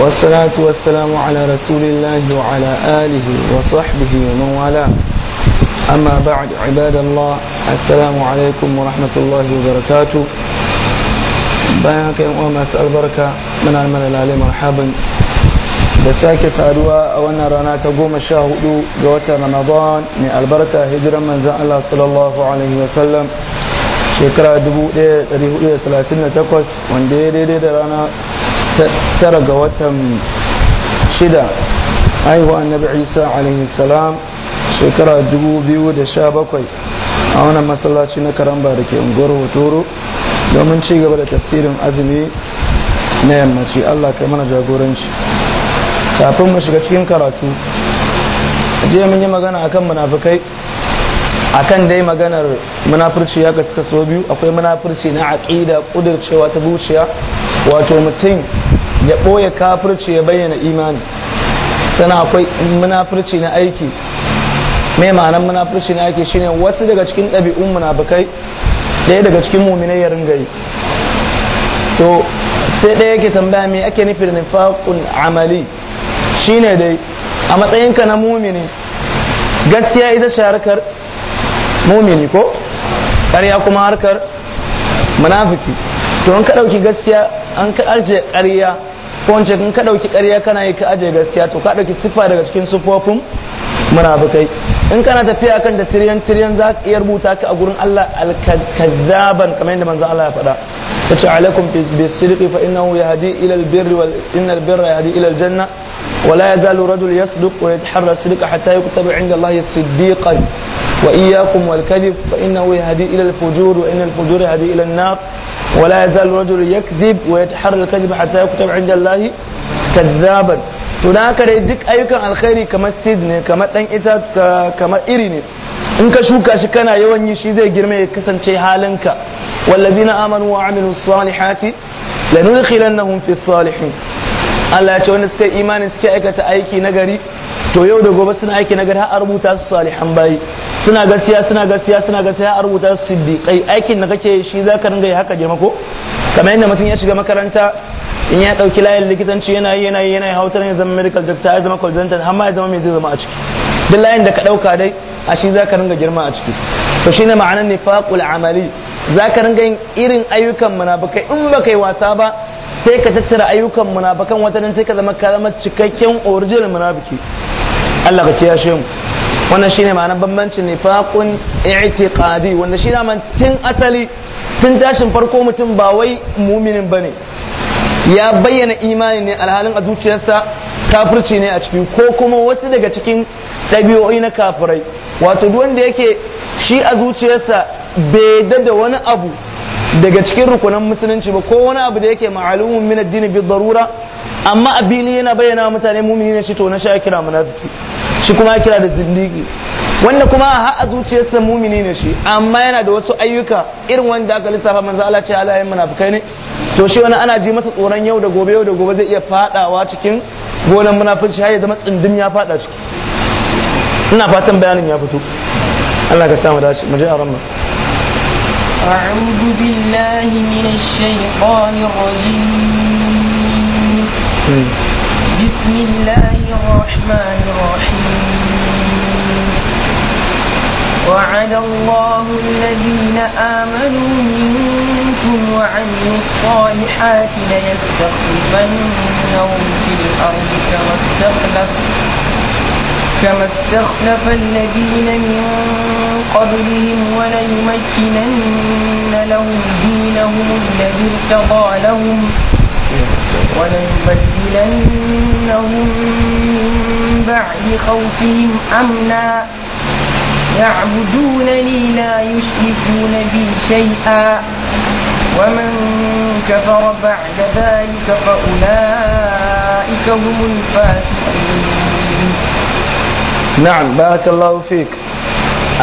والصلاة والسلام على رسول الله وعلى آله وصحبه ومن والاه أما بعد عباد الله السلام عليكم ورحمة الله وبركاته bayan kai yan uwa masu albarka muna mana lalai marhaban da sake saduwa a wannan rana ta goma sha hudu ga watan ramadan mai albarka hijiran manzan allah sallallahu shekara 1438 wanda ya daidai da rana tara ga watan shida an annabi isa alaihi salam shekara 2017 a wannan masallaci na karamba da ke unguwar hotoro domin ci gaba da tafsirin azumi na yammaci allah kai mana jagoranci kafin mu shiga cikin karatu jiya mun yi magana akan munafukai akan dai maganar munafurci ya suka so biyu akwai munafurci na aƙida ƙudurcewa ta zuciya wato mutum ya boye kafirci ya bayyana imani sana akwai munafurci na aiki mai ma'anar munafurci na aiki shine wasu daga cikin ɗabi'un munafukai ɗaya daga cikin muminai ya ringa to sai ɗaya yake tambaya me ake nufi da nifaqun amali shine dai a matsayinka na mumini gaskiya ita ce mumini ko ƙarya kuma harkar munafiki to in ka ɗauki gaskiya an ka aje ƙarya ko in ka ɗauki ƙarya kana yi ka aje gaskiya to ka ɗauki siffa daga cikin siffofin munafikai in kana tafiya kan da tiryan tiryan za ka iya rubuta ka a gurin Allah alkazzaban kamar yadda manzo Allah ya faɗa tace alaikum bisidqi fa innahu yahdi ila albirri wal innal birra yahdi ila aljanna ولا يزال رجل يصدق ويتحرى الصدق حتى يكتب عند الله صديقا وإياكم والكذب فإنه يهدي إلى الفجور وإن الفجور يهدي إلى النار ولا يزال رجل يكذب ويتحرى الكذب حتى يكتب عند الله كذابا to da haka dai duk ayyukan alkhairi kamar seed ne kamar dan ita kamar iri ne in ka shuka shi kana yawan yi shi zai girma ya kasance halinka wallazina amanu wa amilu salihati lanudkhilannahum fi salihin Allah ya ce wanda suka imani suke aikata aiki nagari to yau da gobe suna aiki nagari har rubuta su salihan bayi suna gaskiya suna gaskiya suna gaskiya a rubuta siddiqai aikin da kake shi za ka ringa yi haka girma ko kamar yadda mutum ya shiga makaranta in ya dauki layin likitanci yana yi yana yi yana yi hautar ya zama medical doctor ya zama consultant amma ya zama mai zai zama a ciki duk layin da ka dauka dai a shi za ka ringa girma a ciki to shine ma'anar nifaqul amali za ka ringa yin irin ayyukan munafikai in ba kai wasa ba sai ka tattara ayyukan munafikan wata sai ka zama ka zama cikakken original munafiki Allah ka kiyashe mu wannan shine ma'anar bambancin nifaqun i'tiqadi wanda shi zaman tun asali tun tashin farko mutum ba wai muminin bane ya bayyana imani ne alhalin a zuciyarsa kafirci ne a ciki ko kuma wasu daga cikin ɗabi'o'i na kafirai wato duk wanda yake shi a zuciyarsa bai dada wani abu daga cikin rukunan musulunci ba ko wani abu da yake ma'alumun min addini bi darura amma a bili yana bayyana mutane mumini ne shi to na sha kira munafiki shi kuma kira da zindigi wanda kuma ha a zuciyarsa mumini ne shi amma yana da wasu ayyuka irin wanda aka lissafa manzo Allah ce alayhi munafikai ne to shi wani ana ji masa tsoron yau da gobe yau da gobe zai iya fadawa cikin gonan munafici har ya zama tsindin ya fada ciki ina fatan bayanin ya fito Allah ka samu dace mu je a ramma أعوذ بالله من الشيطان الرجيم بسم الله الرحمن الرحيم وعلى الله الذين آمنوا منكم وعملوا الصالحات ليستخلفنهم في الأرض كما استخلف كما استخلف الذين من قبلهم وليمكنن لهم دينهم الذي ارتضى لهم وليبدلنهم من بعد خوفهم أمنا يعبدونني لا يشركون بي شيئا ومن كفر بعد ذلك فأولئك هم الفاسقون نعم بارك الله فيك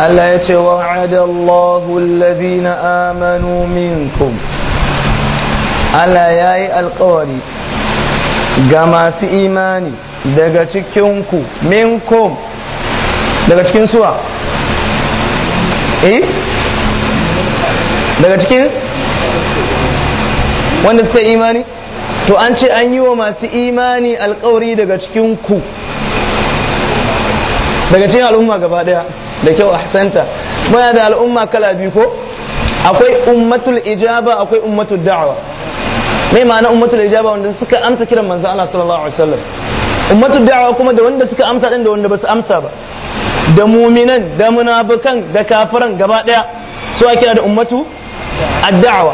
ألا يتوعد الله الذين آمنوا منكم Allah ya yi alkawari ga masu imani daga cikinku minkum daga cikin suwa eh daga cikin wanda suka imani to an ce an yi wa masu imani alkawari daga cikinku daga cikin al'umma gaba daya da kyau hasanta muna da al'umma kala biyu ko akwai ummatul ijaba akwai ummatul da'awa me ma'ana ummatul ijaba wanda suka amsa kiran manzo Allah sallallahu alaihi wasallam ummatul da'awa kuma da wanda suka amsa din da wanda basu amsa ba da muminan da munafikan da kafiran gaba daya su ake da ummatu ad-da'awa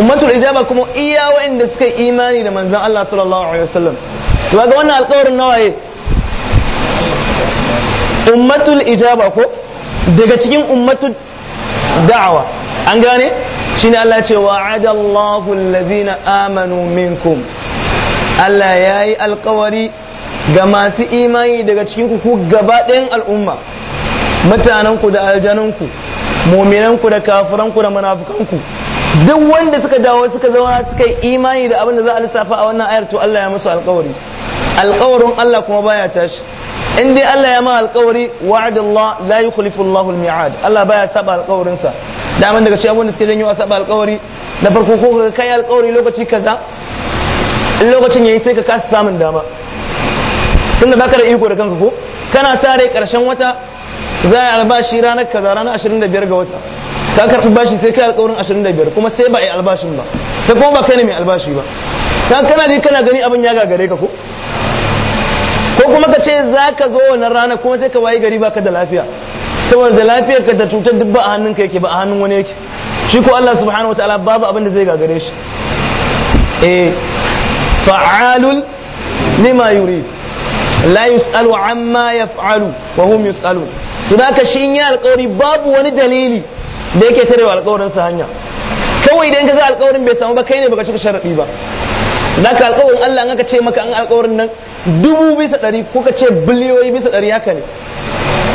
ummatul ijaba kuma iya wa'anda suka imani da manzon Allah sallallahu alaihi wasallam to ga wannan alƙawarin nawaye ummatul ijaba ko daga cikin ummatul da'awa an gane shine Allah ce wa'ada Allahu amanu minkum Allah yayi alkawari ga masu imani daga cikin ku gaba ɗayan al'umma mutanen ku da aljanan ku muminan ku da kafiran ku da munafukan ku duk wanda suka dawo suka zauna suka yi imani da abin da za a lissafa a wannan ayar to Allah ya musu alkawari alƙawarin Allah kuma baya tashi in dai Allah ya ma alkawari wa'adallah la yukhlifu al-mi'ad Allah baya saba alkawarinsa daman daga shi abin da suke janyo a saba alkawari na farko ko ka kai alkawari lokaci kaza in lokacin yayi sai ka kasa samun dama da baka da iko da kanka ko kana sa rai karshen wata za a albashi ranar kaza ranar 25 ga wata ka karɓi bashi sai kai alƙawarin 25 kuma sai ba a yi albashin ba sai kuma ba kai ne mai albashi ba ka kana je kana gani abin ya gagare ka ko ko kuma ka ce za ka zo wannan rana kuma sai ka waye gari ba ka da lafiya da lafiyar ka da cutar duk ba a hannun ka yake ba a hannun wani yake shi ko Allah subhanahu ta'ala babu abin da zai gagare shi eh fa'alul lima yurid la yus'alu amma yaf'alu wa hum yus'alu to da ka shi in yi alƙawari babu wani dalili da yake wa alƙawarin sa hanya kawai idan ka ga alƙawarin bai samu ba kai ne baka cika sharadi ba da ka alƙawarin Allah an aka ce maka an alƙawarin nan dubu bisa ɗari ko ka ce biliyoyi bisa ɗari haka ne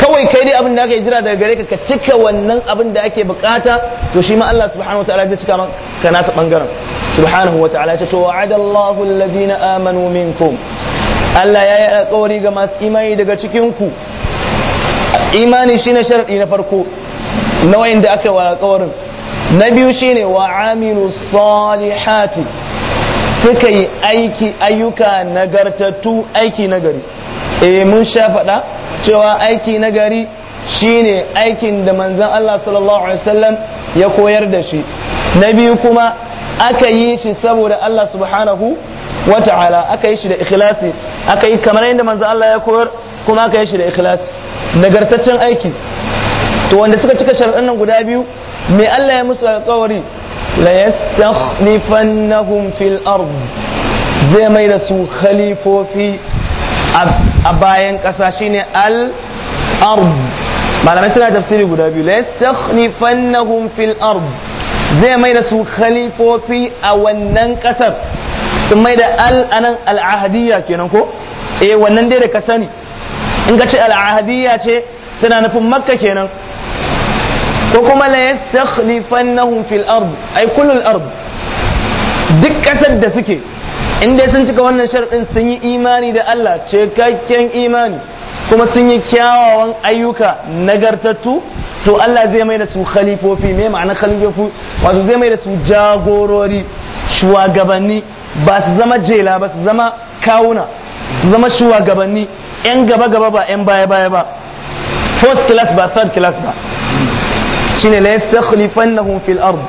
kawai kai dai abin da aka jira daga gare ka ka cika wannan abin da ake bukata to shi ma Allah subhanahu wataala zai cika maka nasa bangaren subhanahu wataala ya ce to wa'adallahu alladhina amanu minkum Allah ya yi alkawari ga masu imani daga cikin ku imani shine sharadi na farko na da aka wa alƙawarin na biyu shine wa amilu salihati suka yi aiki ayyuka nagartattu aiki nagari eh mun sha faɗa cewa aiki na gari shine aikin da manzon Allah sallallahu alaihi wasallam ya koyar da shi na biyu kuma aka yi shi saboda Allah subhanahu wa ta'ala aka yi shi da ikhlasi aka yi kamar yadda manzon Allah ya koyar kuma aka yi shi da ikhlasi nagartaccen aiki to wanda suka cika sharɗan nan guda biyu me Allah ya musu alƙawari la yastakhlifannahum fil ard zai mai da su khalifofi a a bayan ƙasa shi ne al’arb malamai suna tafsiri guda biyu la yastakhlifannahum fil ard zai mai da su khalifofi a wannan kasar sun mai da al-anan al-ahadiyya kenan ko eh wannan dai da ka sani in ka ce al ce tana nufin makka kenan ko kuma la yastakhlifannahum fil ard ay kullu al-ard duk ƙasar da suke in sun cika wannan sharɗin sun yi imani da Allah cikakken imani kuma sun yi kyawawan ayyuka nagartattu to Allah zai mai da su khalifofi me ma'ana khalifofi wato zai mai da su jagorori shugabanni ba su zama jela ba su zama kawuna su zama shugabanni yan gaba gaba ba yan baya baya ba fourth class ba third class ba shine la yastakhlifannahum fil ard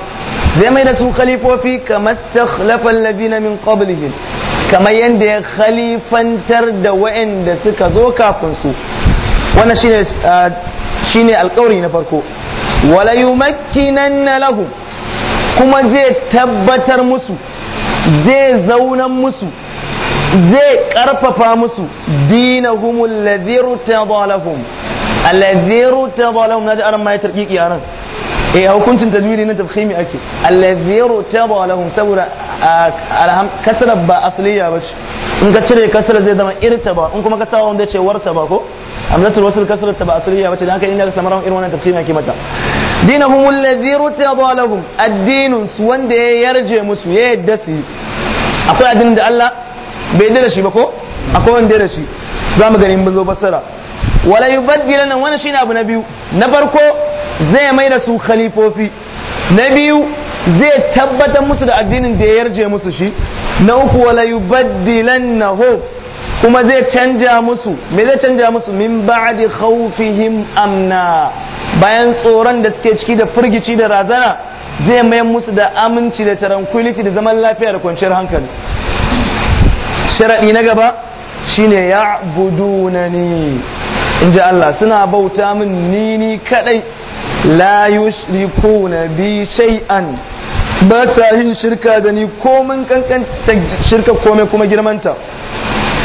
zai mai da su khalifofi kamar stakhlafan labina min qablihim kamar yadda ya khalifantar da wa'anda suka zo kafin su wannan shine shine alƙawari na farko wala yumakkinanna lahu kuma zai tabbatar musu zai zaunan musu zai karfafa musu dinahum alladhi irtada lahum alladhi irtada na nadi aran ma tarqiqi aran eh hukuncin tajwidi na tafkhimi ake allaziru taba lahum saboda alham kasra ba asliya bace in ka cire kasra zai zama irtaba in kuma ka sa wanda ce wartaba ko amsatul wasl kasra ta ba asliya ce dan haka inda ka samara irin wannan tafkhimi ake mata dinahum allaziru taba lahum addinun su wanda ya yarje musu ya yadda su akwai addinin da Allah bai yarda shi ba ko akwai wanda da shi zamu gani mun zo fassara wala yubaddilana wannan shine abu na biyu na farko zai mai da su khalifofi na biyu zai tabbatar musu da addinin da ya yarje musu shi na uku wala yubaddilannahum kuma zai canja musu me zai canja musu min ba'di khawfihim amna bayan tsoron da suke ciki da firgici da razana zai mai musu da aminci da tranquility da zaman lafiya da kwanciyar hankali Sharaɗi na gaba shine In ji Allah suna bauta min ni ni kadai la yushrikuna bi shay'an ba sa yin shirka da ni komin kankanta shirka komai kuma girmanta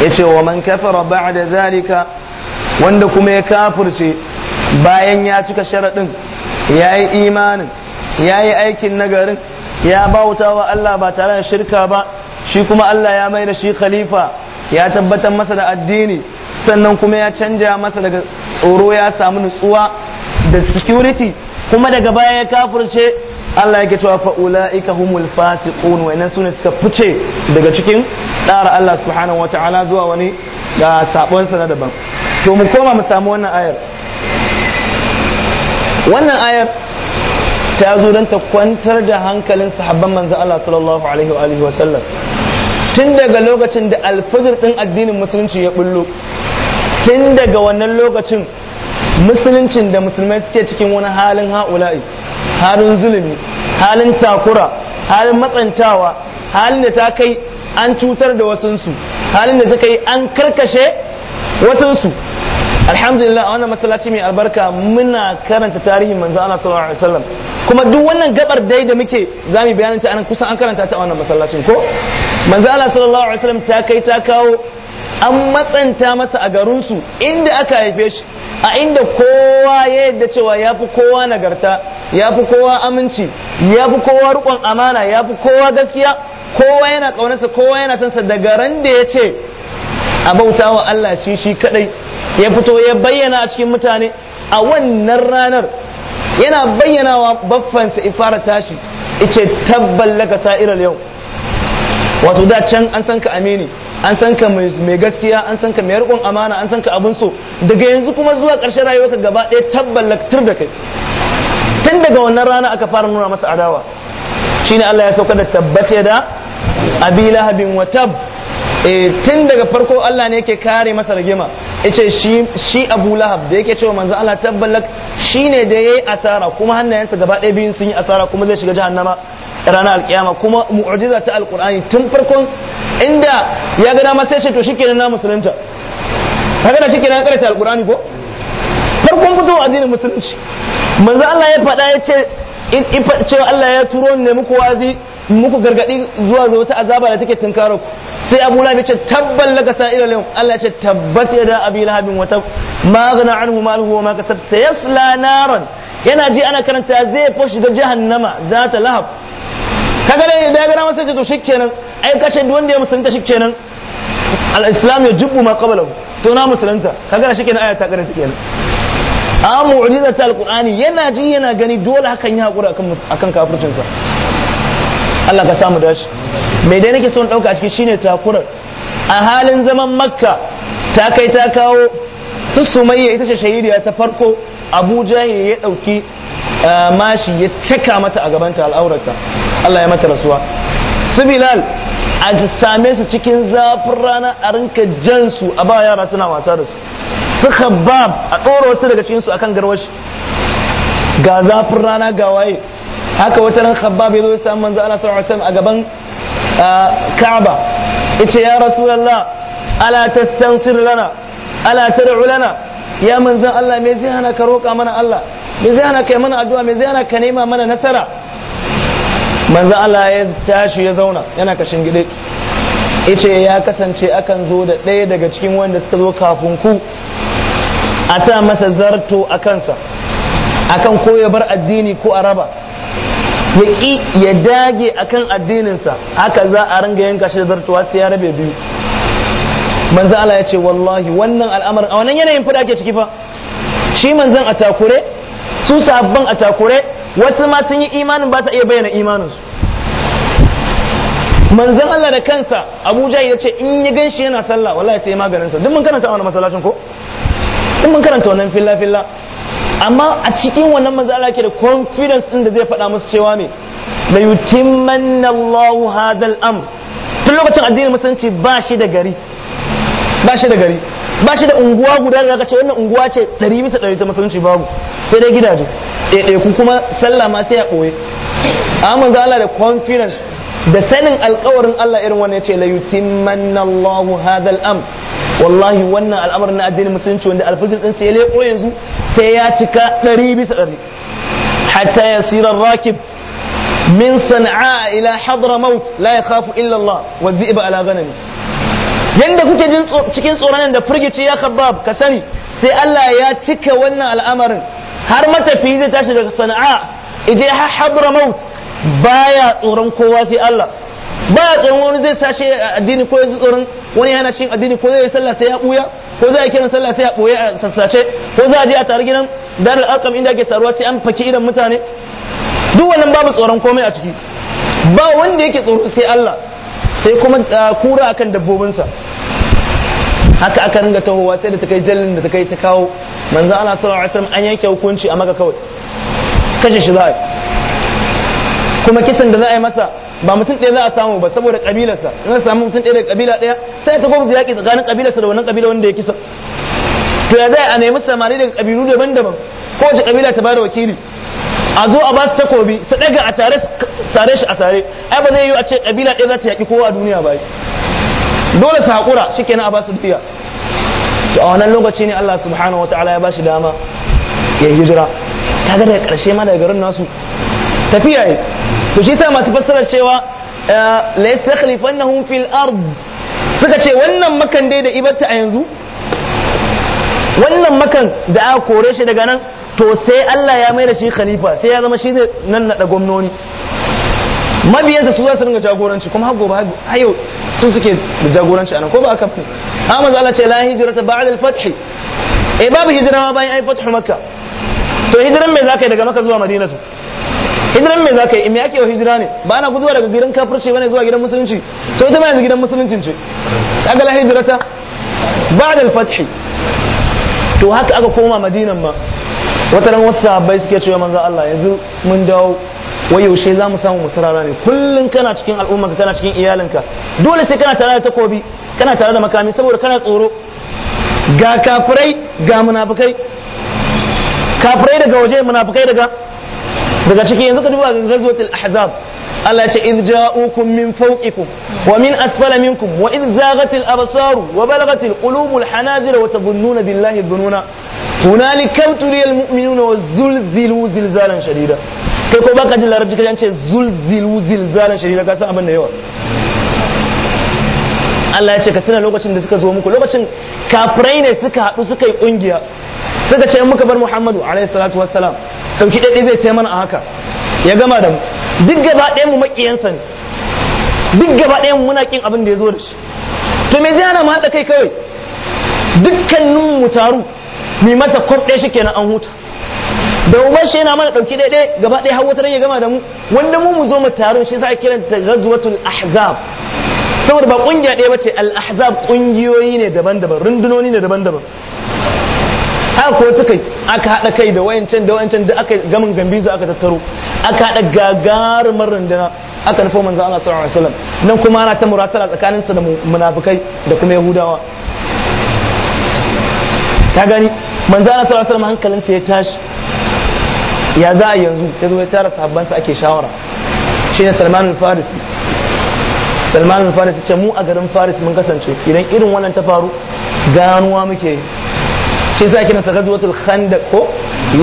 yace wa man kafara ba'da zalika wanda kuma ya kafirce bayan ya cika sharadin yayi imanin yayi aikin nagarin ya bauta wa Allah ba tare da shirka ba shi kuma Allah ya mai da shi khalifa ya tabbatar masa da addini sannan kuma ya canja masa daga tsoro ya samu nutsuwa da security kuma daga baya ya kafirce Allah yake cewa fa ulaika humul fasiqun inna sunna suka fice daga cikin tsara Allah subhanahu wataala zuwa wani ga sabon sana na daban to mu koma mu samu wannan ayar wannan ayar ta zo don ta kwantar da hankalin sahabban manzo Allah sallallahu alaihi wa alihi wa sallam tun daga lokacin da alfajir din addinin musulunci ya bullo tun daga wannan lokacin musuluncin da musulmai suke cikin wani halin ha'ula'i halin zulumi halin takura halin matsantawa halin da ta kai an cutar da wasansu halin da ta kai an karkashe wasansu alhamdulillah a wannan masallaci mai albarka muna karanta tarihin manzo ana sallallahu alaihi wasallam kuma duk wannan gabar dai da muke zamu bayanin ta an kusan an karanta ta a wannan masallacin ko manzo Allah sallallahu alaihi wasallam ta kai ta kawo an matsanta masa a garinsu inda aka haife shi a inda kowa ya yadda cewa ya fi kowa nagarta ya fi kowa aminci ya fi kowa rukon amana ya fi kowa gaskiya kowa yana kaunarsa kowa yana sansa daga ran da ya ce a bauta wa Allah shi shi kadai ya fito ya bayyana a cikin mutane a wannan ranar yana bayyana bayyanawa baffansa ifara tashi ice tabballaka sa'irar yau wato da can an san ka amini an san ka mai gaskiya an san ka mai riƙon amana an san ka abin so daga yanzu kuma zuwa ƙarshen ka gaba ɗaya tabbalaktar da kai tun daga wannan rana aka fara nuna masa adawa shine Allah ya sauka da tabbata da abi lahabin wa tab Eh, tun daga farko Allah ne yake kare masa rigima yace shi shi Abu Lahab da yake cewa manzo Allah tabbalak shine da yayi asara kuma hannayensa gaba ɗaya biyun sun yi asara kuma zai shiga jahannama ranar alkiyama kuma mu'jiza ta alqur'ani tun farkon inda ya ga dama sai shi to shikenan na musulunta kaga da shikenan karanta alqur'ani ko farkon fitowa addinin musulunci manzo Allah ya faɗa yace in cewa Allah ya turo ne muku wazi muku gargadi zuwa ga ta azaba da take tunkaro sai abu lahab ce tabbal laka sa'ira lahum Allah ce tabbat yada abi wa wata ma gana anhu maluhu wa ma kasab sayasla naran yana ji ana karanta zai fa shiga jahannama za ta lahab kaga dai da gara masa ce to shikenan ai kace duk wanda ya musanta shikenan al-islam ya jubbu ma qablahu to na musulunta kaga shikenan aya ta karanta kenan a mu'jizatul qurani yana ji yana gani dole hakan ya hakura akan akan kafircinsa Allah ka samu dashi mai dai nake son ɗauka a ciki shine takurar a halin zaman makka ta kai ta kawo su sumayya ita ce shahidiya ta farko abu ya ɗauki eh, mashi ya caka mata a gabanta al'aurata Allah ya mata rasuwa su bilal a same su cikin zafin rana a rinka jan a ba yara suna wasa da su su Habab a tsoro su daga cikin su akan garwashi ga zafin rana ga waye haka wata ran khabbab yazo ya samu manzo Allah sallallahu alaihi wasallam a gaban Ka'aba yace ya rasulullah ala tastansir lana ala tad'u lana ya manzo Allah me zai hana ka roƙa mana Allah me zai hana kai mana addu'a me zai hana ka nema mana nasara manzo Allah ya tashi ya zauna yana kashin gide yace ya kasance akan zo da ɗaya daga cikin wanda suka zo kafin ku a sa masa zarto a kansa akan ko ya bar addini ko a raba ya ƙi ya dage akan addininsa haka za a ringa yanka shi da zartuwa sai ya rabe biyu manzo Allah ya ce wallahi wannan al'amarin a wannan yanayin fada ke ciki fa shi manzon a takure su sabban a takure wasu ma sun yi imanin ba sa iya bayyana imaninsu. su manzon Allah da kansa Abuja ya ce in ya ganshi yana sallah wallahi sai maganin sa duk mun karanta wannan masallacin ko duk mun karanta wannan filla filla amma a cikin wannan manzo ke da confidence din da zai faɗa musu cewa me la yutimmanna Allahu hadal am tun lokacin addinin musulunci ba shi da gari ba shi da gari ba shi da unguwa guda da zaka ce wannan unguwa ce 100 bisa 100 ta musulunci babu sai dai gidaje ɗaiɗaiku eh, eh, kuma sallah ma sai ya ɓoye amma manzo Allah da confidence da sanin alkawarin Allah irin wannan yace la yutimmanna Allahu hadha al-am wallahi wannan al'amar na addinin musulunci wanda alfijir din sai ya leko yanzu sai ya cika 100 bisa 100 hatta yasira rakib min san'a ila hadramaut la yakhafu illa Allah wa dhi'ba ala ghanami yanda kuke jin cikin tsoron da firgici ya kabab ka sani sai Allah ya cika wannan al'amarin har matafi zai tashi daga sana'a ije har hadramaut baya tsoron kowa sai Allah ba ya tsoron wani zai tashi addini ko yanzu tsoron wani yana shin addini ko zai yi sallah sai ya buya ko zai kiran sallah sai ya buya a sassace ko za a je a tare gidan darul arqam inda ake taruwa sai an faki idan mutane duk wannan babu tsoron komai a ciki ba wanda yake tsoro sai Allah sai kuma ah, kura akan dabbobinsa haka aka ringa tahowa sai da ta kai jallin da ta kai ta kawo manzo Allah sallallahu alaihi wasallam an yanke hukunci a maka kawai kashe shi za a kuma kisan da za a yi masa ba mutum ɗaya za a samu ba saboda ƙabilarsa in za samu mutum ɗaya da ƙabila ɗaya sai ta gwamnati yaƙi tsakanin ƙabilarsa da wannan ƙabila wanda ya kisa to ya zai a nemi samari daga kabilu daban-daban kowace ƙabila ta bada wakili a zo a ba su takobi su ɗaga a tare sare shi a sare ai ba zai yi a ce ƙabila ɗaya za ta yaƙi kowa a duniya ba dole su haƙura kenan a ba su biya to a wannan lokaci ne Allah subhanahu ta'ala ya ba shi dama ya hijira kaga daga ƙarshe ma daga garin nasu tafiya ne to shi sa masu fassara cewa eh, la yastakhlifannahum fil ard suka ce wannan makan dai da ibarta a yanzu wannan makan da aka kore shi daga nan to sai Allah ya mai da shi khalifa sai ya zama shi ne nan naɗa gwamnoni mabiyansa su za su ringa jagoranci kuma har gobe har yau su suke da jagoranci anan ko ba aka fi amma Allah ce la hijrata ba'da al-fath eh babu hijira ma bayan ai fathu makka to hijiran me zaka yi daga makka zuwa madinatu hijiran me zaka yi me ake wa hijira ne ba ana guduwa daga gidan kafirci bane zuwa gidan musulunci to ita ma yanzu gidan musulunci ce kaga la hijrata ba'da al-fath to haka aka koma madinan ma wata ran wasu sahabbai suke cewa manzo Allah yanzu mun dawo wai yaushe za mu samu musarara ne kullum kana cikin al'ummarka kana cikin iyalinka dole sai kana tare da takobi kana tare da makami saboda kana tsoro ga kafirai ga munafukai kafirai daga waje munafukai daga daga ciki yanzu ka duba ghazwatul ahzab Allah ce in ja'ukum min fawqikum wa min asfala minkum wa idh zaghatil absaru wa balagatil qulubul hanajira wa tabunnuna billahi dhununa hunalika tuliyal mu'minuna wa zulzilu zilzalan shadida kai ko baka jin larabci kai ce zulzilu zilzalan shadida ka san abin da yawa Allah ya ce ka tuna lokacin da suka zo muku lokacin kafirai ne suka haɗu suka yi ƙungiya suka ce in muka bar muhammadu alaihi salatu wassalam sauki dadi zai ce mana a haka ya gama da mu duk gaba ɗayan mu makiyansa ne duk gaba ɗayan muna kin abin da ya zo da shi to me zai hana mu haɗa kai kawai dukkanin mu taru mai masa kwaf ɗaya shi kenan an huta da uban shi yana mana ɗauki daidai gaba ɗaya hawa tarin ya gama da mu wanda mu mu zo mu taron shi za a kiran ta ghazwatul ahzab saboda ba kungiya ɗaya bace al ahzab kungiyoyi ne daban-daban rundunoni ne daban-daban haka ko suka aka haɗa kai da wayancan da wayancan da aka gamin gambiza aka tattaro aka haɗa gagarumar rundunar aka nufo manzo Allah sallallahu alaihi wasallam nan kuma ana ta muratala tsakaninsa da munafikai da kuma yahudawa ta gani manzo Allah sallallahu alaihi wasallam hankalinsa ya tashi ya za a yanzu ya zo ya tara sahabbansa ake shawara shine Salman al-Farisi Salman al-Farisi ce mu a garin Faris mun kasance idan irin wannan ta faru ganuwa muke shi yasa kiransa ghazwatul khandaq ko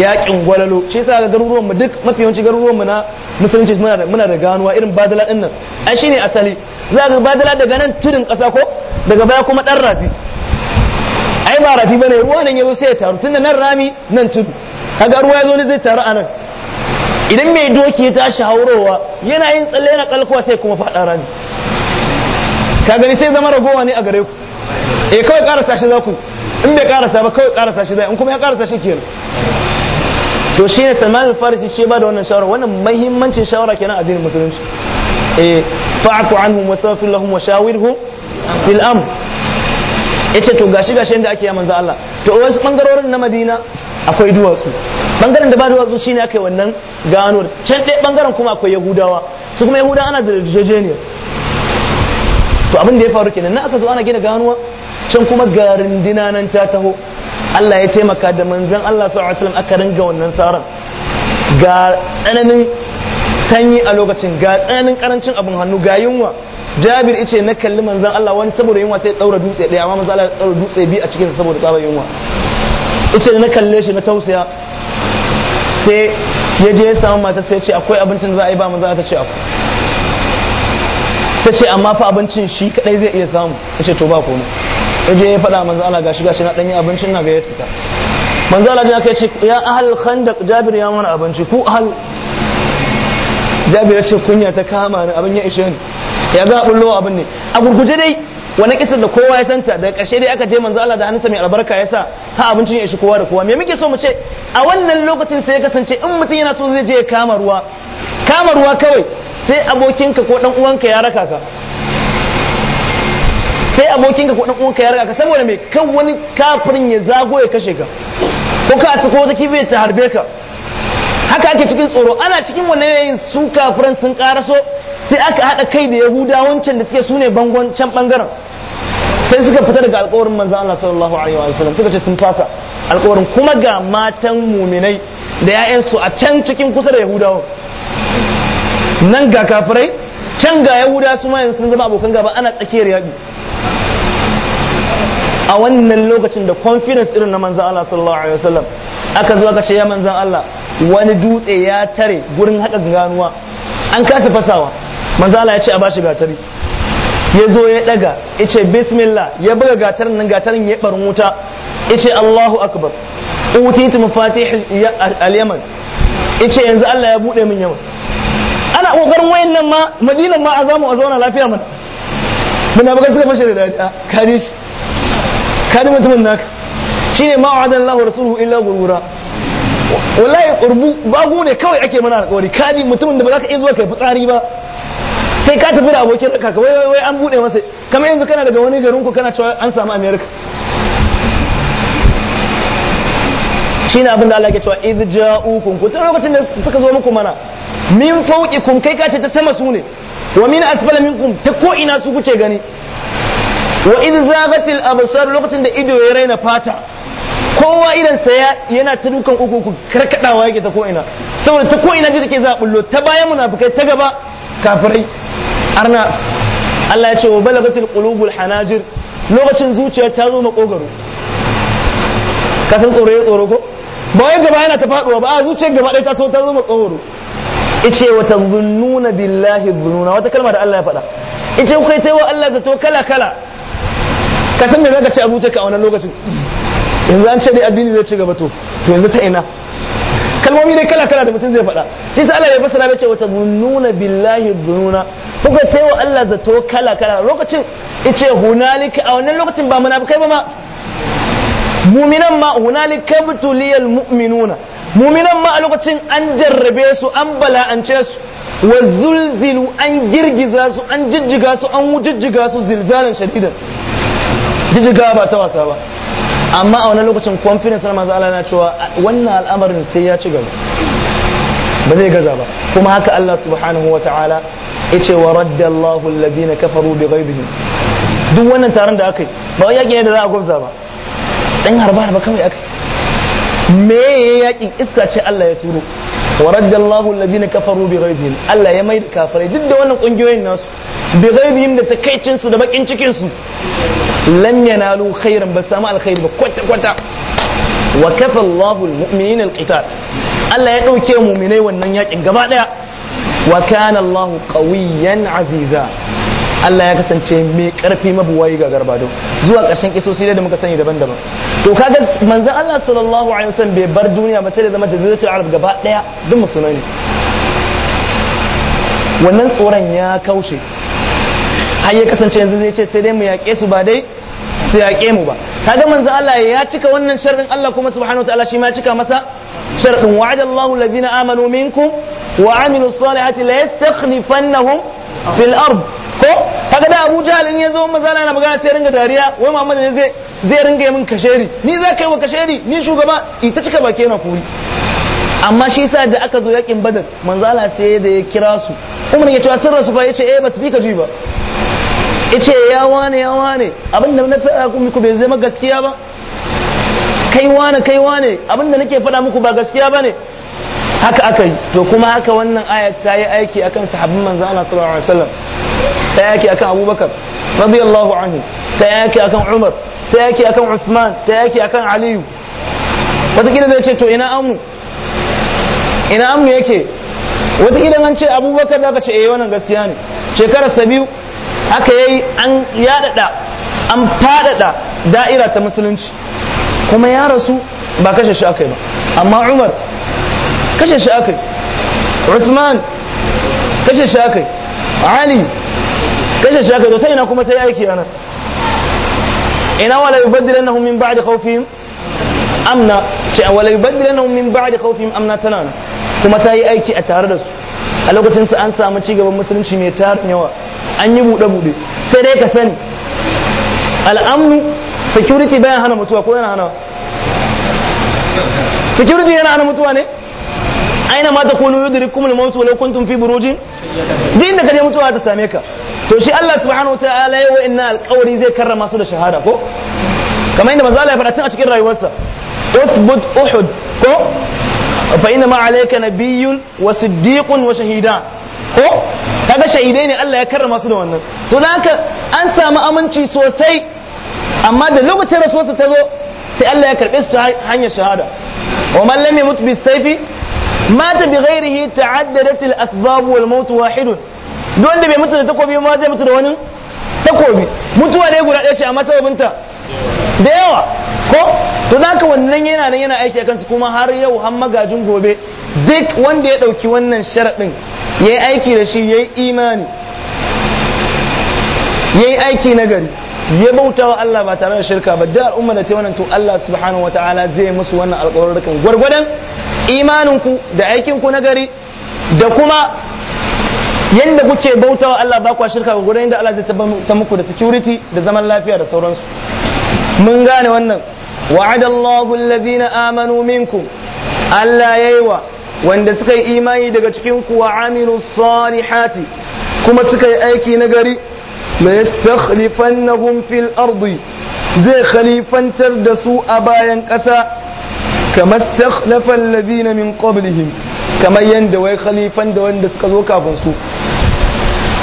yakin gwalalo shi yasa ga garuruwan mu duk mafi yawanci garuruwan mu na musulunci muna da muna da ganuwa irin badala din nan ai shine asali za ga badala daga nan tudun kasa ko daga baya kuma dan rafi ai ba rafi bane ruwa nan yazo sai ya taru tunda nan rami nan tudu kaga ruwa yazo ne zai taru anan idan mai doki ta tashi haurowa yana yin tsalle yana kalkuwa sai kuma faɗa rami ka gani sai zama ragowa ne a gare ku eh kawai karasa shi za ku in bai karasa ba kawai karasa shi zai in kuma ya karasa shi kenan to shi ne salman al-farisi ce ba da wannan shawara wannan mahimmancin shawara kenan a dinin musulunci eh fa'fu anhum wa sawfil lahum wa shawirhum fil am yace to gashi gashi inda ake ya manzo Allah to wasu bangarorin na Madina akwai duwatsu bangaren da ba duwatsu shine akai wannan ganuwar can dai bangaren kuma akwai yahudawa su kuma yahudawa ana da jejeniya to abin da ya faru kenan na aka zo ana gina ganuwa can kuma garin dinanan ta taho Allah ya taimaka da manzon Allah sallallahu alaihi wasallam aka ringa wannan saran ga tsananin sanyi a lokacin ga tsananin karancin abin hannu ga yunwa jabir ice na kalli manzan Allah wani saboda yunwa sai daura dutse daya amma manzan Allah ya daura dutse biyu a cikin saboda tsaba yunwa ice na kalle shi na tausaya sai ya je ya samu mata sai ce akwai abincin da za a yi ba manzan ta ce akwai ta ce amma fa abincin shi kadai zai iya samu ta ce to ba komai ya je ya faɗa manzo Allah gashi gashi na yi abincin na ga ya fita manzo Allah ya kai ce ya ahal khandaq jabir ya mana abinci ku ahal jabir ya ce kunya ta kama ni abin ya ishe ni ya ga bullo abin ne a gurguje dai wani kisar da kowa ya santa daga ƙarshe dai aka je manzo Allah da hannunsa mai albarka ya sa ha abincin ya ishi kowa da kowa me muke so mu ce a wannan lokacin sai ya kasance in mutum yana so zai je ya kama ruwa kama ruwa kawai sai abokinka ko dan uwanka ya raka ka sai abokin ka ko dan ya raga ka saboda mai kan wani kafirin ya zago ya kashe ka ko ka ta ko ta kibe ta harbe ka haka ake cikin tsoro ana cikin wannan yayin su kafiran sun karaso sai aka hada kai da yahuda wancan da suke sune bangon can bangaren sai suka fita daga alkawarin manzo Allah sallallahu alaihi wa sallam suka ce sun faka alkawarin kuma ga matan muminai da 'ya'yansu a can cikin kusa da yahudawa nan ga kafirai can ga yahuda su ma sun zama abokan gaba ana tsakiyar yaƙi a wannan lokacin da confidence irin na manzan Allah sallallahu alaihi wasallam aka zo aka ce ya manzan Allah wani dutse ya tare gurin haka ganuwa an kasa fasawa manzan Allah ya ce a bashi gatari ya zo ya daga ya ce bismillah ya buga gatarin nan gatarin ya bar wuta ya ce Allahu akbar utitu mafatih al-yaman ya ce yanzu Allah ya bude min yaman ana kokarin wayannan ma madinan ma a zamu a zauna lafiya mana muna buga suka fashe da dadi kare shi Kadi mutumin naka shine ma wa'adan Allah rasuluhu illa gurgura wallahi qurbu ba ne kawai ake mana alƙawari kadi mutumin da ba za ka iya zuwa kai fitsari ba sai ka tafi da abokin ka wai wai an bude masa kamar yanzu kana daga wani garin ku kana cewa an samu America shine abin da Allah ke cewa id ja'ukum ku tun lokacin da suka zo muku mana min fawqikum kai ka ce ta sama su ne wa min asfala minkum ta ko ina su kuke gani wa in zagatil absar lokacin da ido ya raina fata kowa idan sa yana ta dukan uku uku karkadawa yake ta ko ina saboda ta ko ina ji take za bullo ta bayan munafikai ta gaba kafirai arna Allah ya ce wa balagatil qulubul hanajir lokacin zuciya ta zo makogaro ka san tsoro tsoro ko ba wai gaba yana ta faduwa ba a zuciyar gaba ɗaya ta to ta zo makogaro ice wa tazunnuna billahi dhununa wata kalma da Allah ya faɗa ice kai ta wa Allah zato kala kala ka san me zaka ce a ka a wannan lokacin yanzu an ce dai addini zai ci gaba to to yanzu ta ina kalmomi dai kala kala da mutum zai faɗa shi sa Allah ya fassara ya ce wata nuna billahi dununa kuka sai wa Allah zato kala kala lokacin yace hunalika a wannan lokacin ba munafikai ba ma muminan ma hunalika butuliyal mu'minuna muminan ma a lokacin an jarrabe su an bala'ance su wa zulzilu an girgiza su an jijjiga su an wujijjiga su zilzalan shadidan jijjiga ba ta wasa ba amma a wani lokacin confidence na manzo Allah na cewa wannan al'amarin sai ya ci gaba ba zai gaza ba kuma haka Allah subhanahu wa ta'ala ce wa raddallahu alladhina kafaru bi ghaibihim duk wannan taron da aka yi ba wai yaƙi ne da za a gwabza ba dan harba harba kawai aka me yaƙin iska ce Allah ya turo wa raddallahu alladhina kafaru bi ghaibihim Allah ya mai kafirai duk da wannan kungiyoyin nasu bi da takaicin su da bakin cikin su lan yanalu khairan ba samu alkhairi ba kwata kwata wa kafa Allahu almu'minina alqital Allah ya dauke mu'minai wannan yakin gaba daya wa kana aziza Allah ya kasance mai karfi mabuwayi ga garbado zuwa ƙarshen kisosi da muka sani daban-daban to kaga manzon Allah sallallahu alaihi wasallam bai bar duniya ba sai da zama jaziratul arab gaba daya duk musulmai ne wannan tsoron ya kaushe har ya kasance yanzu zai ce sai dai mu yaƙe su ba dai su yaƙe mu ba kaga manzon Allah ya cika wannan sharrin Allah kuma subhanahu wataala shi ma cika masa sharrin wa'adallahu alladhina amanu minkum wa amilu salihati la yastakhlifannahum fil ard ko kaga da Abu Jahl in zo mazana na magana sai ringa dariya wai Muhammad ne zai zai ringa min kasheri ni za kai wa kasheri ni shugaba ita cika baki na kuri amma shi yasa da aka zo yakin Badar manzo Allah sai da ya kira su Umar ya cewa sirra su fa yace eh ba tafi ka ji ba yace ya wane ya wane abinda na faɗa muku bai ma gaskiya ba kai wane kai wane abinda nake faɗa muku ba gaskiya bane haka aka yi to kuma haka wannan ayat ta yi aiki akan sahabbin manzo Allah sallallahu alaihi wasallam ta yi aiki akan Abubakar radiyallahu anhu ta yi aiki akan Umar ta yi aiki akan Uthman ta yi aiki akan Aliyu wataƙila zai ce to ina amu ina amu yake wataƙila an ce Abubakar da aka ce eh wannan gaskiya ne shekara sabiu aka yi an yadada an fadada da'ira ta musulunci kuma ya rasu ba kashe shi aka yi ba amma Umar kashe shi yi usman kashe shi yi ali kashe shi aka yi ta ina kuma ta yi aiki ana ina wala hummin min da khawfihim amna ce wala hummin min da khawfihim amna tana na kuma ta yi aiki a tare da su a lokacin su an samu ci gaban musulunci mai tar yawa an yi bude bude sai dai ka sani al'amnu security bayan hana mutuwa ko yana hana security yana hana mutuwa ne aina ma ta kunu yudri kumul mawtu law kuntum fi buruji. din da kaje mutuwa ta same ka to shi Allah subhanahu wataala wa inna alƙawari zai karrama su da shahada ko kamar inda manzo Allah ya faɗa tun a cikin rayuwarsa uthbut uhud ko fa inna ma alayka nabiyyun wa siddiqun wa shahida. ko kaga shahidai ne Allah ya karrama su da wannan to dan haka an samu aminci sosai amma da lokacin rasuwarsa ta zo sai Allah ya karbe su ta hanyar shahada wa man lam yamut bis sayfi mata bi ghairihi ta'addadat al asbab wal maut wahid don wanda bai mutu da takobi ma zai mutu da wani takobi mutuwa ne guda ɗaya ce amma sababin ta da yawa ko to ka wannan yana nan yana aiki akan su kuma har yau har magajin gobe duk wanda ya dauki wannan sharadin yayi aiki da shi yayi imani yayi aiki na gari ya bauta wa Allah ba tare da shirka ba da al'umma da ta wannan to Allah subhanahu wataala zai musu wannan alƙawarrukan gwargwadon ku da aikinku na gari da kuma yadda kuke bauta wa Allah ba kwa shirka gwargwadon yadda Allah zai ta muku da security da zaman lafiya da sauransu mun gane wannan wa'ada Allahu allazina amanu minkum Allah yayiwa wanda suka yi imani daga cikin ku wa amilu salihati kuma suka yi aiki na gari ليستخلفنهم في الأرض زي خليفة تردسوا أبايا كسا كما استخلف الذين من قبلهم كما يندوى خليفة دوان دسكزوا كافن سوء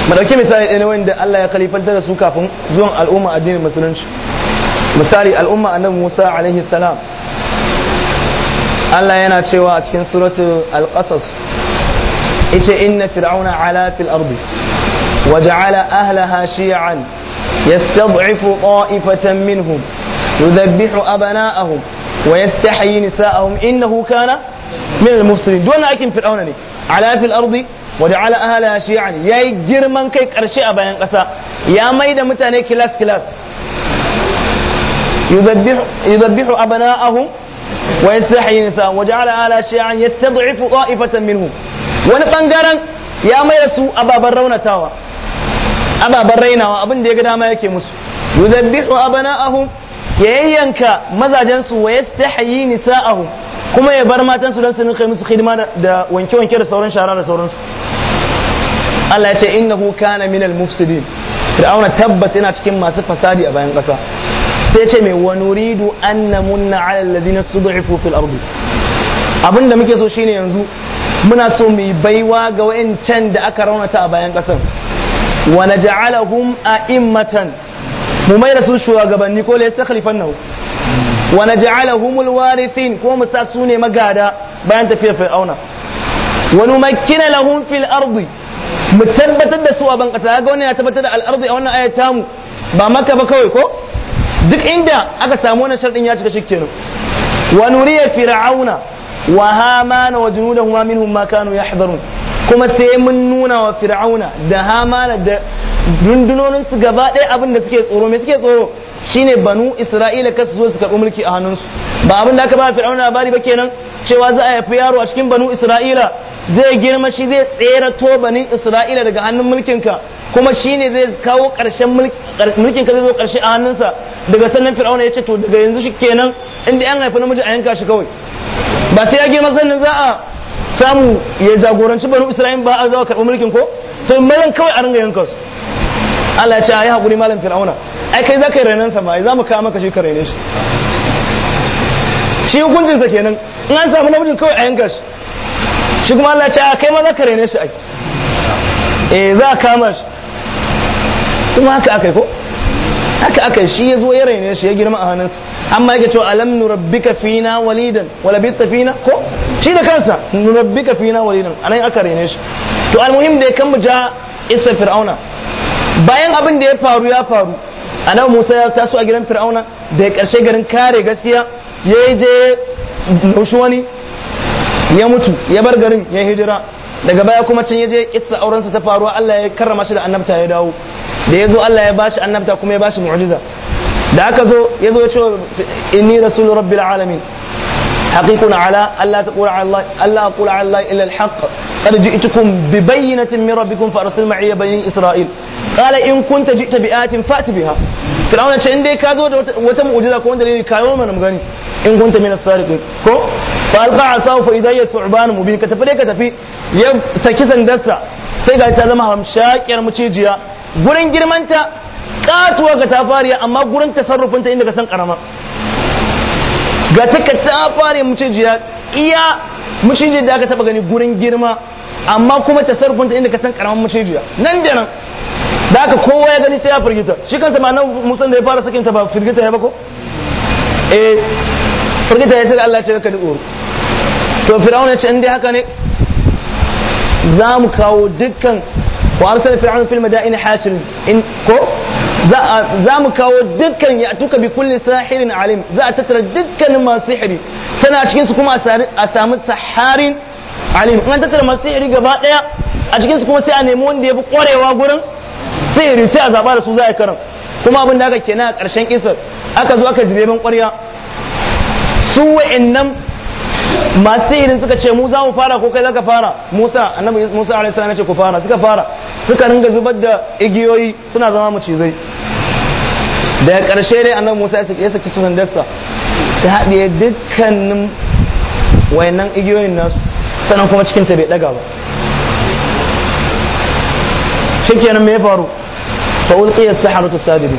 madauki misali wanda Allah ya khalifantar da su kafin zuwan al'umma addinin musulunci misali al'umma annabi Musa alaihi Allah yana cewa a cikin suratu al-qasas inna fir'auna ala fil وجعل أهلها شيعا يستضعف طائفة منهم يذبح أبناءهم ويستحيي نساءهم إنه كان من المفسدين دون أكن فرعون يعني. على في الأرض وجعل أهلها شيعا يا جرمان كي كرشي أبناء قساء يا ميدا متاني كلاس كلاس يذبح يذبح أبناءهم ويستحيي نساء وجعل أهلها شيعا يستضعف طائفة منهم ونقنقرا يا ما ميرسو أبا برون تاوى ababen rainawa abin da ya ga dama yake musu yuzabbihu abana'ahum ya yayyanka mazajen su wa yastahyi nisa'ahum kuma ya bar matan su don su nuka musu hidima da wanke wanke da sauran shara da sauran su. Allah ya ce innahu kana minal mufsidin fir'auna tabbas yana cikin masu fasadi a bayan ƙasa sai ce mai wa nuridu an namunna ala alladhina stud'ifu fil ardi abin da muke so shine yanzu muna so mu yi baiwa ga wayancan da aka raunata a bayan ƙasar wa in matan mu mai da su shugabanni ko khalifan yastakhlifannahu wa naj'alahum alwarithin ko mu sa su ne magada bayan tafiyar fir'auna wa numakkina lahum fil ardi mu tabbatar da su a ban kasa ga wannan ya tabbatar da al a wannan ayat mu ba maka ba kawai ko duk inda aka samu wannan sharɗin ya cika shikenan wa nuriya fir'auna wa hamana wa junudahuma minhum ma kanu yahdharun kuma sai mun nuna wa fir'auna da hamana da rundunonin su gaba ɗaya abin da suke tsoro mai suke tsoro shine banu isra'ila kasu zo su karɓi mulki a hannunsu ba abin da aka ba fir'auna labari ba kenan cewa za a haifi yaro a cikin banu isra'ila zai girma shi zai tsere to banin isra'ila daga hannun mulkinka kuma shi ne zai kawo ƙarshen ka zai zo ƙarshe a hannunsa daga sannan fir'auna ya ce to daga yanzu shi kenan inda yan haifi namiji a yanka shi kawai ba sai ya girma sannan za a samu ya jagoranci banu isra'in ba a zawa karɓar mulkin ko to malan kawai a ringa yanka Allah ya ce yi hakuri malam fir'auna ai kai ka yi renan sa ba za mu kawo maka shi ka rene shi shi hukuncin sa kenan in an samu namijin kawai a yanka shi shi kuma Allah ya ce kai ma ka rene shi ai eh za ka kama shi kuma haka aka yi ko haka aka yi shi ya zo ya rene shi ya girma a hannunsa amma yake cewa alam nurabbika fina walidan wala fina ko shi da kansa nurabbika fina walidan anan aka rene shi to almuhim da ya kan ja isa fir'auna bayan abin da ya faru ya faru anan Musa ya taso a gidan fir'auna da ya karshe garin kare gaskiya ya je naushi wani ya mutu ya bar garin ya hijira daga baya kuma can ya je isa aurensa ta faruwa Allah ya karrama shi da annabta ya dawo da ya zo Allah ya bashi annabta kuma ya bashi mu'jiza da aka zo ya zo ya ce inni rasulun rabbil alamin haqiqun ala allah taqul ala allah allah aqul ala allah illa alhaq arji'tukum bi bayyinatin min rabbikum fa arsil ma'iya bani isra'il qala in kunta ji'ta bi ayatin fati biha fir'auna ce indai ka zo wata mu'jiza ko wanda ne kayo mana mu gani in kunta min as-sariqin ko fa alqa asahu fa idha yas'ubanu mubin ka tafi ka tafi ya saki sandarsa sai ga ta zama hamshakiyar muciyiya gurin girman ta katuwa ga ta amma gurin tasarrufinta inda ka san karama ga ta ka ta fariya iya mucijiyar da aka taba gani gurin girma amma kuma tasarrufinta inda ka san karaman mucijiya nan da nan da aka kowa ya gani sai ya firgita shi kansa ma nan musan da ya fara sakinta ba firgita ya bako eh firgita ya sai Allah ya ce ka tsoro to fir'auna ce inda haka ne za mu kawo dukkan wa arsala fir'auna fil madaini hashirin in ko za mu kawo dukkan ya tuka bi kulli sahirin alim za a tattara dukkanin masu sihiri tana cikin su kuma a samu saharin alim an tattara masu sihiri gaba daya a cikin su kuma sai a nemi wanda ya fi kwarewa gurin sihiri sai a zaba da su za a karan kuma abin da aka kenan a karshen kisar aka zo aka jirebin kwarya su wa'annan masu sihirin suka ce mu za mu fara ko kai zaka fara musa annabi musa alaihi salam ya ce ku fara suka fara suka ringa zubar da igiyoyi suna zama macizai daga karshe ne annabi musa ya saki cin sandarsa ta haɗiye dukkanin wayannan igiyoyin nasu sanan kuma cikin bai ɗaga ba shikenan me ya faru fa ulqiya as-saharatu sajidi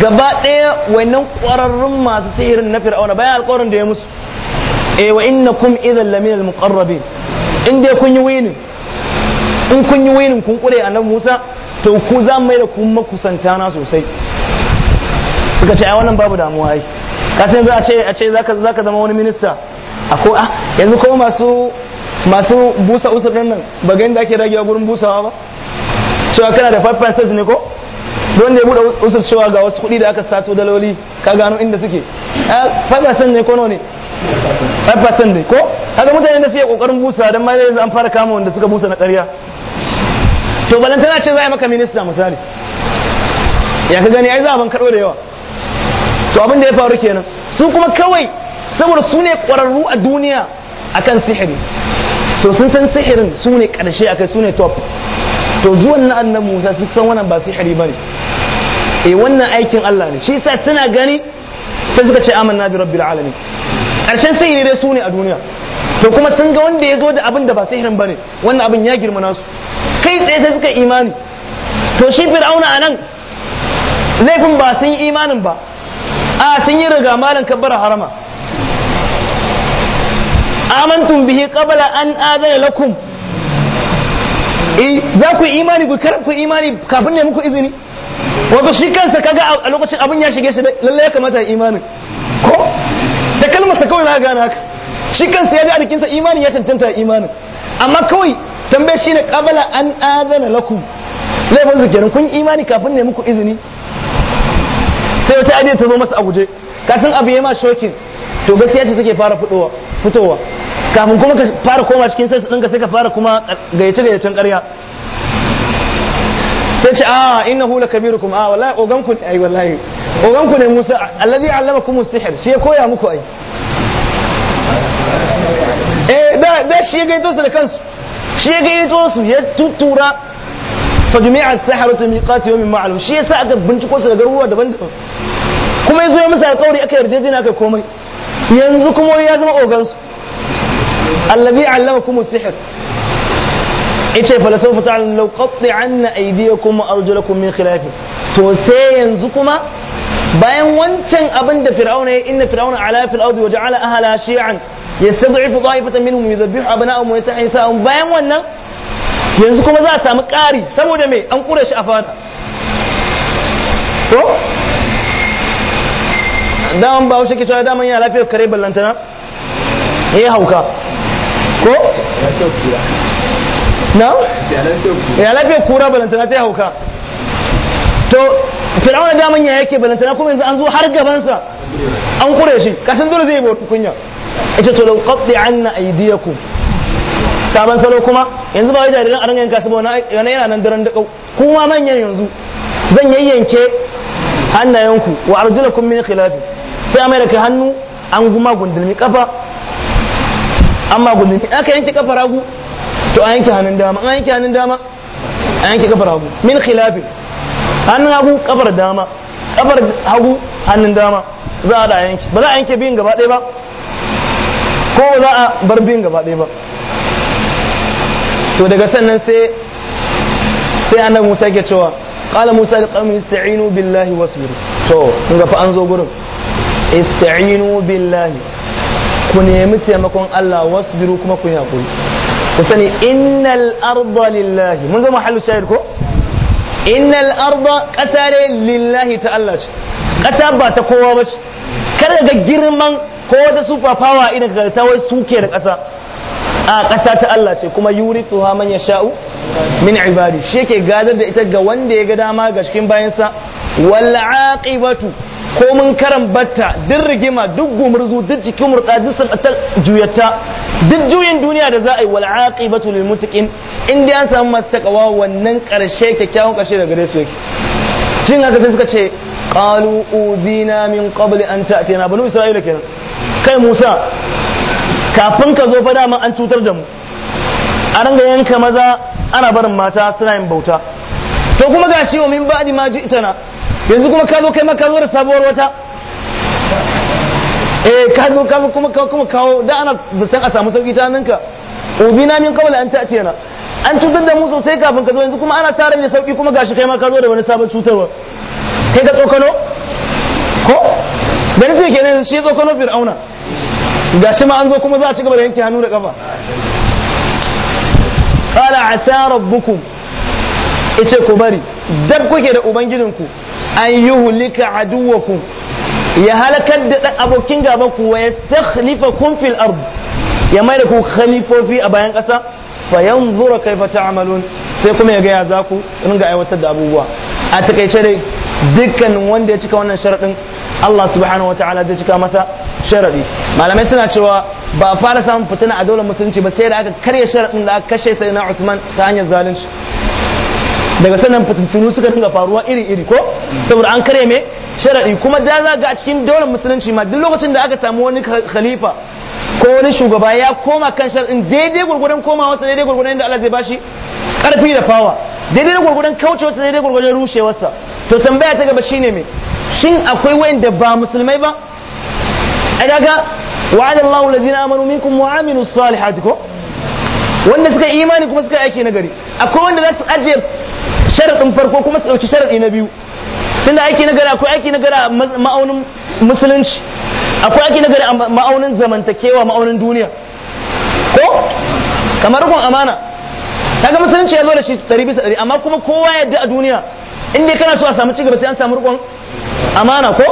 gaba ɗaya wannan ƙwararrun masu sihirin na fir'auna bayan alƙawarin da ya musu eh wa innakum idhal lamina al in dai kun yi winin in kun yi winin kun kure annabi Musa to ku za mai da ku makusanta na sosai suka ce ai wannan babu damuwa ai ka san za a ce a ce zaka zaka zama wani minista akwai ah yanzu ko masu masu busa usur din nan ba ga inda ake ragewa gurin busawa ba cewa kana da 5% ne ko don da ya buɗe usur cewa ga wasu kuɗi da aka sato daloli ka gano inda suke faɗa ne kono ne 5% ne ko haka mutane da suke kokarin busa don ma yanzu an fara kama wanda suka busa na ƙarya to balantana ce za a yi maka minista misali ya ka gani ai za a ban karɓo da yawa to abin da ya faru kenan su kuma kawai saboda su ne ƙwararru a duniya akan sihiri to sun san sihirin su ne ƙarshe akai su ne top to zuwan na annan Musa su san wannan ba sihiri ne. eh wannan aikin Allah ne shi sa suna gani sai suka ce amanna bi rabbil alamin karshen sihiri dai su ne a duniya to kuma sun ga wanda ya zo da abin da ba ba ne wannan abin ya girma nasu kai tsaye sai suka imani to shi fir'auna anan laifin ba sun yi imanin ba a sun yi riga malan kabbara harama amantum bihi qabla an adana lakum Eh, za ku yi imani ku kar ku imani kafin ne muku izini wato shi kansa kaga a lokacin abin ya shige shi lalle ya kamata imanin ko da kalmar sa kawai za ka gane haka shi kansa ya ji a sa imanin ya cancanta imanin amma kawai tambayar shi ne kabala an adana lakum laifin su kenan kun imani kafin ne muku izini sai wata adiya ta zo masa a guje ka san abu ya ma shokin to gaskiya ce take fara fudowa fitowa kafin kuma ka fara koma cikin sai ɗinka sai ka fara kuma gayyace gayyacen ƙarya sai ce a ah, inna hula kabiru kuma a ah, wallahi ogan ku ai wallahi ogan ku ne musa allazi allama sihir shi ya koya muku ai eh da da shi ya gaito su da kansu shi ya gaito su ya tuttura fajmi'a as-saharatu miqat yawmin ma'lum shi ya sa aka binciko su da garuruwa daban-daban kuma yazo ya musa alƙawari aka yarjejina aka komai yanzu kuma ya zama ogansu allazi allama kuma sihir ce fa lasan fata an na qatti kuma aydiyakum wa arjulakum min khilaf to sai yanzu kuma bayan wancan abin da fir'auna ya inna fir'auna ala fil ardi wa ja'ala ahlaha shi'an yastad'ifu dha'ifatan minhum yudhabbihu abna'ahum wa yas'a nisa'ahum bayan wannan yanzu kuma za a samu ƙari saboda me an kure shi a fata to daman ba wasu ke cewa daman yi lafiyar kare ballantana ya eh, hauka ko na ya lafiyar kura ballantana ta hauka to fir'auna daman ya yake ballantana kuma yanzu an zo har gabansa an kure shi kasan zuru zai bo kunya ita to lau an na aydiyakum sabon salo kuma yanzu ba wai jariran aran yanka su wani yana nan daren dakau kuma manyan yanzu zan yayyanke hannayenku wa kun min khilafi sai a mai da hannu an guma gundulmi kafa amma gundulmi aka yanke kafar hagu to an yanke hannun dama an yanke hannun dama an yanke kafar hagu min khilafin hannun hagu kafar dama kafar hagu hannun dama za a da yanke ba za a yanke biyun gaba ɗaya ba ko za a bar biyun gaba ɗaya ba to daga sannan sai sai annabi Musa yake cewa qala Musa li istaeenu billahi wasbiru to in ga fa an zo gurin ista'inu billahi ku nemi taimakon Allah wasu biru kuma ku yi hakuri ku sani innal arda lillahi mun zama halu shayar ko innal arda ne lillahi ta Allah ce kasa ba ta kowa ba ce kar ga girman ko wata super power idan ka ta wai suke da kasa a kasa ta Allah ce kuma tuha man sha'u. min ibadi shi yake gadar da ita ga wanda ya ga dama ga cikin bayansa wal aqibatu ko mun karan batta duk rigima duk gumurzu duk cikin murta duk sabatar juyatta duk juyin duniya da za a yi wal aqibatu lil mutaqin in dai an samu mastaqawa wannan karshe kyakkyawan karshe daga gare su yake jin haka sai suka ce qalu udina min qabli an ta'tina banu isra'ila kenan kai musa kafin ka zo fa dama an cutar da mu a ranga yanka maza ana barin mata suna yin bauta to kuma gashi wa min ba ma na yanzu kuma ka zo kai ma ka zo da sabuwar wata eh ka zo ka kuma kuma kawo da ana zaton a samu sauki ta ninka ubina min qabla an ta na an cutar da mu sosai kafin ka zo yanzu kuma ana tare da sauki kuma gashi kai ma ka zo da wani sabon cutarwa kai ka tsokano ko da nufi kenan shi tsokano fir'auna shi ma an zo kuma za a ci gaba da yanke hannu da kafa qala asa rabbukum ice ku bari dab kuke da ubangijinku an yuhlika ku ya halakar da abokin gaban ku wa yastakhlifakum fil ard ya mai da ku khalifofi a bayan ƙasa fa yanzura kaifa ta'malun sai kuma ya gaya ya za ku ringa aiwatar da abubuwa a takaice dai dukkan wanda ya cika wannan sharadin Allah subhanahu ta'ala zai cika masa sharadi malamai suna cewa ba fara samun fitina a daular musulunci ba sai da aka karya sharadin da aka kashe sai na Uthman ta hanyar zalunci daga sannan fitinu suka dinga faruwa iri iri ko saboda an karya me sharadi kuma da za ga a cikin daular musulunci ma duk lokacin da aka samu wani khalifa ko wani shugaba ya koma kan shar'in daidai gurgudan komawa sa daidai gurgudan da Allah zai bashi karfi da fawa daidai da gurgudan kaucewa sa daidai gurgudan rushewarsa to tambaya ta gaba shine me shin akwai da ba musulmai ba ai daga wa'ala Allahu allazina amanu minkum wa amilus salihati ko wanda suka yi imani kuma suka yi aiki gari akwai wanda za su ajiye sharaɗin farko kuma su ɗauki sharaɗi na biyu da aiki na gari akwai aiki na a ma'aunin musulunci akwai aiki nagari a ma'aunin zamantakewa ma'aunin duniya ko kamar rukun amana kaga musulunci ya zo da shi ɗari bisa ɗari amma kuma kowa yadda a duniya in dai kana so a samu cigaba sai an samu rukun amana ko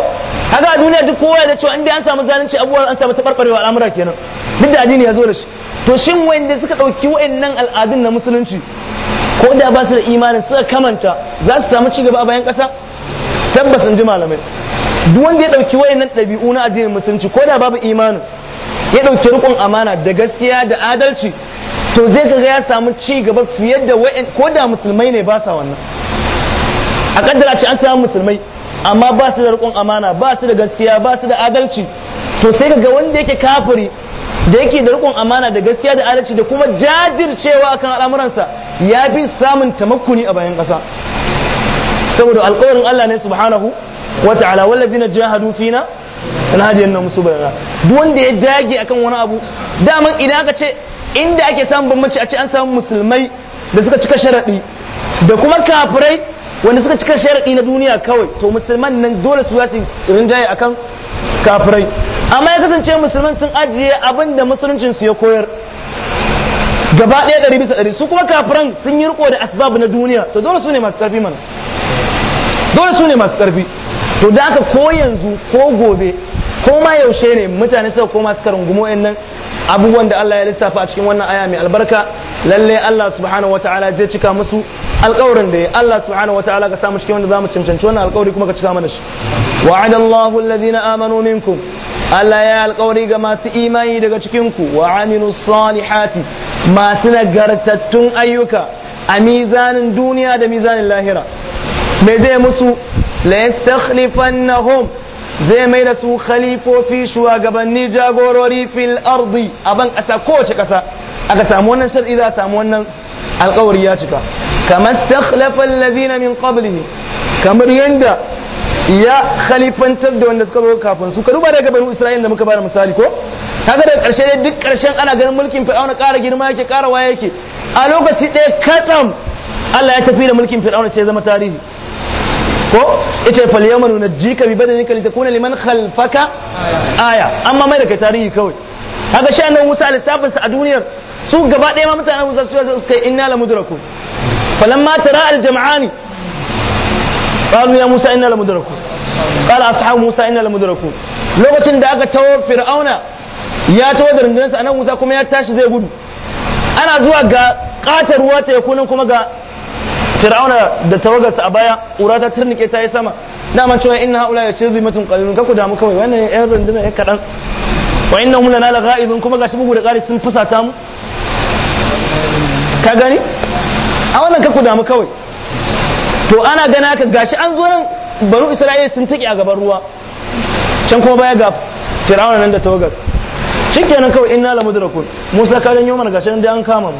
kaga a duniya duk kowa ya da cewa in dai an samu zalunci abubuwa an samu taɓarɓarewa al'amura kenan duk da addini ya zo da shi to shin wanda suka ɗauki wa'annan al'adun na musulunci ko da ba su da imanin suka kamanta za su samu ci gaba a bayan ƙasa tabbas in ji malamai duk wanda ya ɗauki wa'annan ɗabi'u na addinin musulunci ko da babu imanin ya ɗauki rukun amana da gaskiya da adalci to zai ga ya samu ci gaba fiye da wa'in ko da musulmai ne ba sa wannan a kaddara ce an samu musulmai amma ba su da rukun amana ba su da gaskiya ba su da adalci to sai ga wanda yake kafiri da yake da rikon amana da gaskiya da adalci da kuma jajircewa kan al'amuransa ya fi samun tamakkuni a bayan ƙasa saboda alƙawarin Allah ne subhanahu wa ta'ala wallazina jahadu fina na hajiyar na musu bayana duk wanda ya dage akan wani abu daman idan aka ce inda ake samun bambanci a ce an samu musulmai da suka cika sharaɗi da kuma kafirai wanda suka cika sharaɗi na duniya kawai to musulman nan dole su yasi rinjaye akan kafirai amma ya kasance musulman sun ajiye abin da musuluncin su ya koyar gaba ɗaya ɗari bisa ɗari su kuma kafiran sun yi riko da asbab na duniya to dole su ne masu ƙarfi mana dole su ne masu ƙarfi to da aka ko yanzu ko gobe ko ma yaushe ne mutane suka koma suka rungumo nan abubuwan da Allah ya lissafa a cikin wannan aya mai albarka lalle Allah subhanahu wataala zai cika musu alƙawarin da ya Allah subhanahu wataala ka samu cikin wanda zamu cancanci wannan alƙawari kuma ka cika mana shi wa'adallahu alladhina amanu minkum Allah ya alƙawari ga masu imani daga cikin ku wa aminu salihati masu nagartattun ayyuka a mizanin duniya da mizanin lahira me zai musu la yastakhlifannahum zai mai da su khalifofi shugabanni jagorori fil ardi a ban ko kowace kasa aka samu wannan shar'i za a samu wannan alƙawari ya cika kamar takhlafa allazina min qablihi kamar yanda ya khalifantar da wanda suka zo kafin su ka duba daga banu isra'ila da muka bada misali ko kaga daga karshe dai duk karshen ana ganin mulkin fir'auna ƙara girma yake ƙara waye yake a lokaci ɗaya katsam Allah ya tafi da mulkin fir'auna sai zama tarihi ko ita fal yamanu najjika bi badanika litakuna liman khalfaka aya amma mai da kai tarihi kawai kaga shi annabi Musa lissafin sa a duniyar su gaba ɗaya ma mutanen Musa su suka yi inna la mudraku falamma tara al jam'ani qalu ya Musa inna la mudraku qala ashabu Musa inna la mudraku lokacin da aka tawo fir'auna ya tawo da rundunarsa annabi Musa kuma ya tashi zai gudu ana zuwa ga katar ruwa ta yakunan kuma ga fir'auna da tawagarsa a baya ƙura ta turnike ta yi sama dama cewa inna haula ya shirri mutum qalilun kaku damu kawai wannan yan rundunar ya kadan wa innahum lana laghaibun kuma gashi bugu da ƙari sun fusata mu ka gani a wannan kaku damu kawai to ana gana ka gashi an zo nan banu isra'ila sun take a gaban ruwa can kuma baya ga fir'auna nan da tawagarsa shikenan kawai inna lamudrakun musa ka janyo mana gashi nan dai an kama mu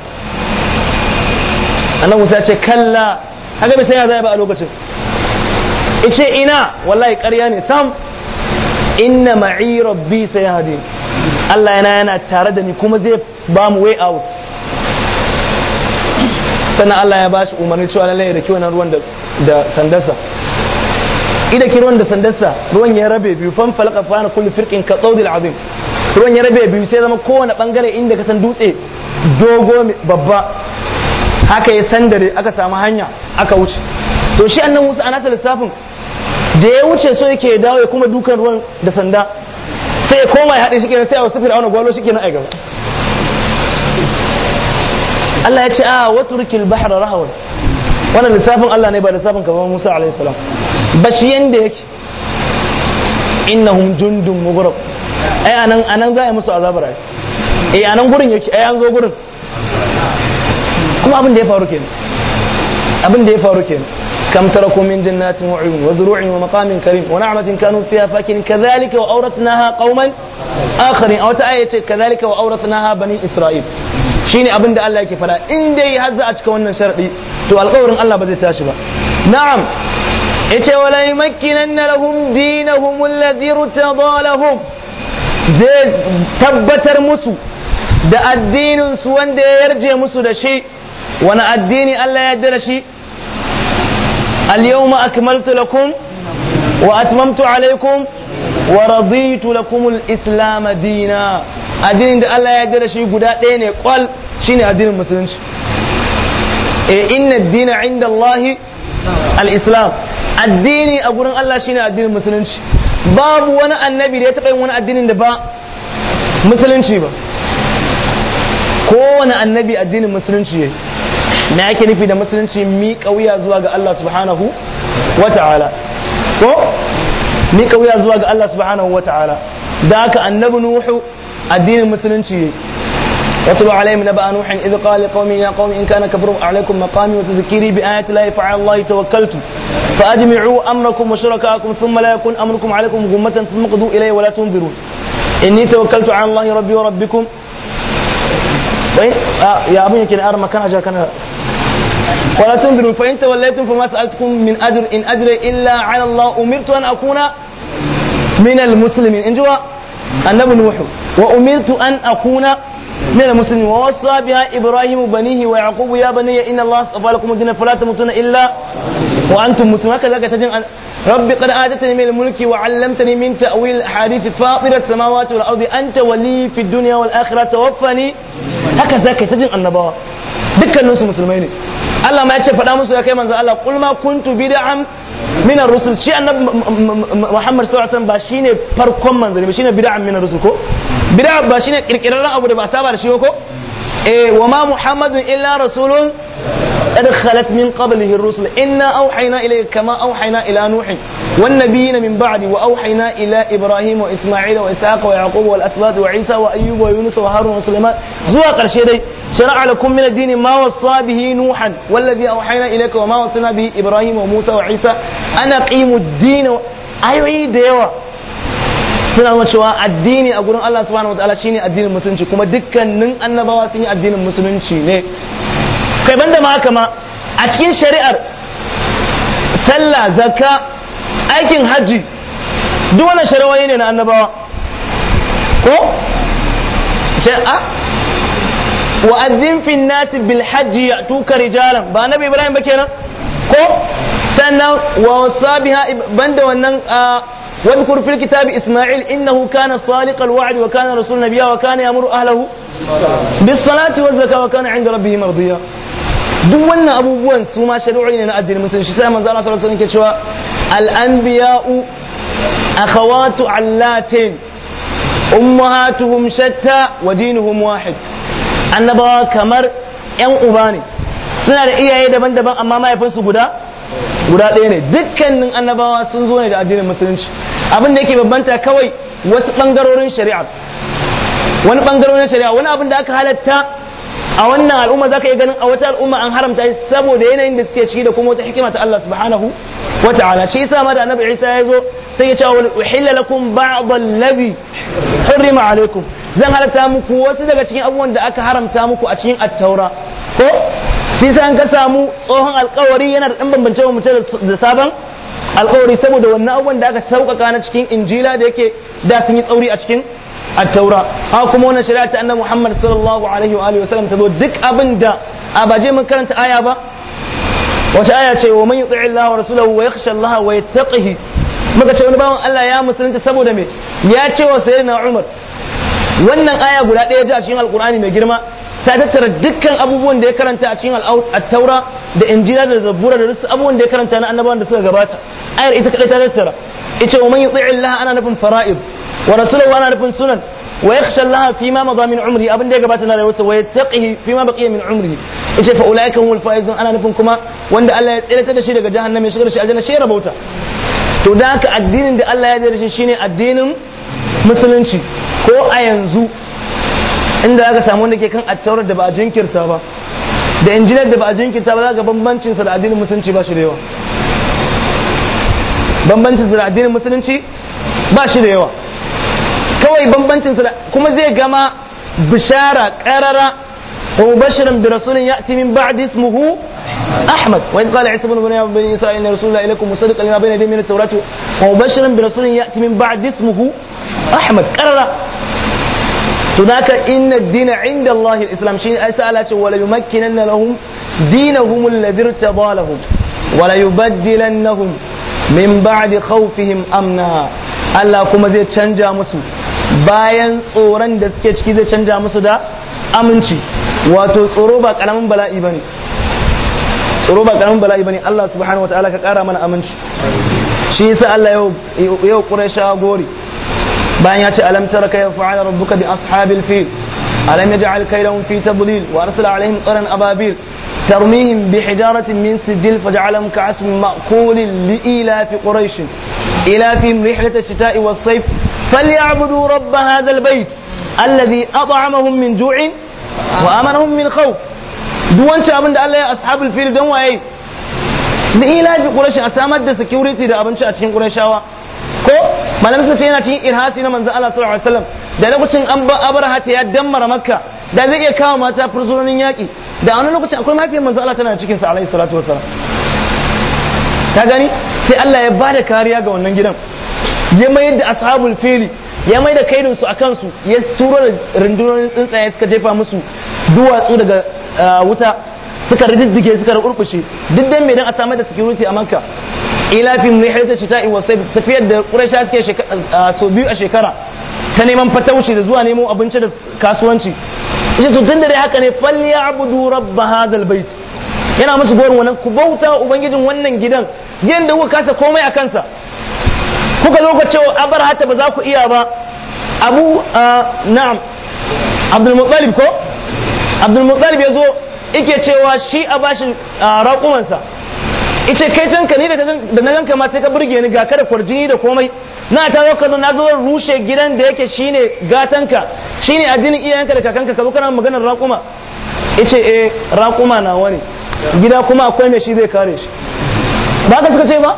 annabi musa ya ce kalla haka bai ya zai ba a lokacin ice ina wallahi ƙarya ne sam inna ma'i rabbi sayahdi Allah yana yana tare da ni kuma zai ba mu way out sannan Allah ya bashi umarni cewa lallai da kiwon ruwan da sandarsa ida ki ruwan da sandarsa ruwan ya rabe biyu fan falaka fa na kullu firqin ka tsawdil azim ruwan ya rabe biyu sai zama kowane bangare inda ka san dutse dogo babba haka ya sandare aka samu hanya aka wuce to shi annan musa ana ta lissafin da ya wuce so yake dawo ya kuma dukan ruwan da sanda sai ya koma ya haɗe shi kenan sai a wasu fir'auna gwalo shi kenan a gaba Allah ya ce a ah, waturkil bahar rahawar. wannan lissafin Allah ne ba lissafin kamar Musa alaihi salam ba shi yanda yake innahum jundun mughraq ai anan anan za a musu azabar ai eh, anan gurin yake ai an zo gurin kuma abin da ya faru kenan abin da ya faru kenan kam taraku min jannatin wa uyun wa zuru'in wa maqamin karim wa na'matin kanu fiha fakin kadhalika a awratnaha qauman akharin aw ta'aya ce kadhalika wa bani isra'il shine abin da Allah yake fada in dai har za a cika wannan sharadi to alƙawarin Allah ba zai tashi ba na'am yace wala yumakkinanna lahum dinahum alladhi irtada lahum zai tabbatar musu da addinin su wanda ya yarje musu da shi wani addini Allah ya yarda da shi al-yawma akmaltu lakum wa atmamtu alaykum wa raditu lakum al-islam dina addinin da Allah ya yarda da shi guda ɗaya ne kwal shine addinin musulunci eh inna ad-dina 'inda Allah al-islam addini a gurin Allah shine addinin musulunci babu wani annabi da ya taɓa yin wani addinin da ba musulunci ba kowane annabi addinin musulunci ne. me yake nufi da musulunci miƙa wuya zuwa ga Allah subhanahu wata'ala ko miƙa wuya zuwa ga Allah subhanahu wata'ala da haka annabi nuhu addinin musulunci واتلو عليهم نبأ نوح إذ قال لقومه يا قوم إن كان كبر عليكم مقامي وتذكيري بآيات الله فعلى الله توكلت فأجمعوا أمركم وشركاءكم ثم لا يكون أمركم عليكم غمة ثم قضوا إلي ولا تنظرون إني توكلت على الله ربي وربكم وإن آه يا أبني كنا أرى مكان أجا كان ولا تنظروا فإن توليتم فما سألتكم من أجر إن أجري إلا على الله أمرت أن أكون من المسلمين إن جوا النبي نوح وأمرت أن أكون من المسلمين ووصى بها إبراهيم بنيه ويعقوب يا بني إن الله اصطفى لكم الدين فلا تموتن إلا وأنتم مسلمون هكذا تجن ربي قد آتتني من الملك وعلمتني من تأويل الأحاديث فاطر السماوات والأرض أنت ولي في الدنيا والآخرة توفني هكذا تجن النبوة dukkaninsu musulmai ne Allah ma ya ce faɗa musu ya kai manzo Allah kul ma kuntu bid'an min ar-rusul shi annabi Muhammad sallallahu alaihi wasallam ba shine farkon manzo ba shine bid'an min ar-rusul ko bid'a ba shine kirkirarren abu da ba saba da shi ko eh wa ma Muhammadun illa rasulun قد خلت من قبله الرسل إنا أوحينا إليك كما أوحينا إلى نوح والنبيين من بعد وأوحينا إلى إبراهيم وإسماعيل وإسحاق ويعقوب والأسباط وعيسى وأيوب ويونس وهارون وسليمان زوا قرشي دي شرع لكم من الدين ما وصى به نوحا والذي أوحينا إليك وما وصينا به إبراهيم وموسى وعيسى أنا قيم الدين و... أيوة ديوة suna nuna cewa addini a gurin Allah subhanahu wataala shine addinin musulunci kuma dukkanin annabawa sun yi addinin musulunci ne kai da ma ma a cikin shari'ar sallah zakka aikin hajji duk wani shari'ar ne na annabawa ko shari'a wa azin fin nasi bil hajji ya tuka rijalan ba nabi ibrahim ba kenan ko sannan wa wasabiha banda wannan واذكر في الكتاب إسماعيل إنه كان صادق الوعد وكان رسول نبيا وكان يأمر أهله بالصلاة والزكاة وكان عند ربه مرضيا duk wannan abubuwan su ma shari'o'i ne na addinin musulunci sai manzo Allah sallallahu alaihi wasallam ke cewa al-anbiya'u akhawatu allatin ummahatuhum shatta wa dinuhum wahid annabawa kamar yan uba ne suna da iyaye daban-daban amma mahaifinsu guda guda ɗaya ne dukkanin annabawa sun zo ne da addinin musulunci abin da yake babbanta kawai wasu ɓangarorin shari'a wani ɓangarorin shari'a wani abin da aka halatta a wannan al'umma za ka yi ganin a wata al'umma an haramta shi saboda yanayin da suke ciki da kuma wata hikima ta Allah subhanahu wa ta'ala shi yasa ma da annabi Isa ya zo sai ya ce wa uhilla lakum ba'd allazi hurrima alaikum zan halatta muku wasu daga cikin abubuwan da aka haramta muku a cikin at-taura ko shi sa an ka samu tsohon alkawari yana da ɗan bambance bambance da sabon alkawari saboda wannan abubuwan da aka sauƙaƙa na cikin injila da yake da sun yi tsauri a cikin attaura a kuma wannan shari'a ta annabi Muhammad sallallahu alaihi wa alihi wasallam tabo duk abin da a baje karanta aya ba wata aya ce wa man yuti Allah wa rasulahu wa yakhsha Allah wa yattaqihi muka ce wani bawan Allah ya musulunta saboda me ya ce wa sayyidina Umar wannan aya guda ɗaya a cikin alkur'ani mai girma ta tattara dukkan abubuwan da ya karanta a cikin at-taura da injila da zabura da rusu abubuwan da ya karanta na annabawan da suka gabata ayar ita kadai ta tattara ita wa man yuti'i Allah ana nufin fara'id wa rasulahu ana nufin sunan wa yakhsha Allah fi ma madha min umri abin da ya gabata na rayuwarsa wa yattaqi fi ma baqiya min umri ita fa ulaika humul faizun ana nufin kuma wanda Allah ya tsira da shi daga jahannama ya shigar da shi aljanna shi rabauta to da haka addinin da Allah ya yarda da shi shine addinin musulunci ko a yanzu inda aka samu wanda ke kan attaurar da ba a jinkirta ba da injinar da ba a jinkirta ba za ga bambancin sa da addinin musulunci ba shi da yawa bambancin sa da addinin musulunci ba shi da yawa kawai bambancin sa kuma zai gama bishara karara wa mubashiran bi rasulin ya'ti min ba'di ismuhu أحمد وإذ قال عيسى بن مريم بني إسرائيل إن رسول الله إليكم مصدقا لما بين يديه من التوراة ومبشرا برسول يأتي من بعد اسمه أحمد karara. to zaka inna dina inda Allah islam shi ai sai Allah ce wala yumakkinanna lahum dinahum alladhi irtada lahum wala yubaddilannahum min ba'di khawfihim amna Allah kuma zai canja musu bayan tsoron da suke ciki zai canja musu da aminci wato tsoro ba karamin bala'i bane tsoro ba karamin bala'i bane Allah subhanahu wataala ka kara mana aminci shi yasa Allah yau yau Qurayshawa gori bayan ya ce alam tara ya fa'ala rabbuka bi ashabil fil alam yaj'al kaydahum fi tadlil wa arsala alaihim qaran ababil ترميهم بحجارة من سجيل فجعلهم كعصف مأكول لإيلاف قريش إيلافهم رحلة الشتاء والصيف فليعبدوا رب هذا البيت الذي أطعمهم من جوع وآمنهم من خوف duwan ci abin da Allah ya ashabul fil dan waye ilai ilafi quraish a samar da security da abinci a cikin qurayshawa ko malam sun ce yana cikin irhasi na manzon Allah sallallahu alaihi wasallam da lokacin an abraha ta ya dammara makka da zai iya kawo mata fursunonin yaki da a wani lokacin akwai mafiyar manzon Allah tana cikin sa alaihi salatu wasallam ta gani sai Allah ya bada kariya ga wannan gidan ya mayar da ashabul fili ya mai da kaidin su akan su ya turo da rundunonin tsuntsaye suka jefa musu duwatsu daga ah, wuta suka riddige suka rurkushe duk dan me dan a samar da security a Makka ila fi mihrata shita'i wa sayf tafiyar da Quraysha ke so biyu a shekara ta neman fatauci da zuwa nemo abinci da kasuwanci ita to tun da dai haka ne falli abudu rabb hadha bait yana musu gorin wannan ku bauta ubangijin wannan gidan yanda kuka kasa komai a kansa kuka zo ku cewa abarhata ba za ku iya ba abu na'am abdul muttalib ko abdul muttalib ya zo ike cewa shi a bashin raƙumansa ice kai can ka ni da na ganka ma sai ka burge ni ga kada kwarjini da komai na ta zo kano na zo rushe gidan da yake shine gatanka shine addinin iyayenka da kakanka ka zo kana maganar raƙuma ice eh raƙuma na wani gida kuma akwai mai shi zai kare shi ba ka suka ce ba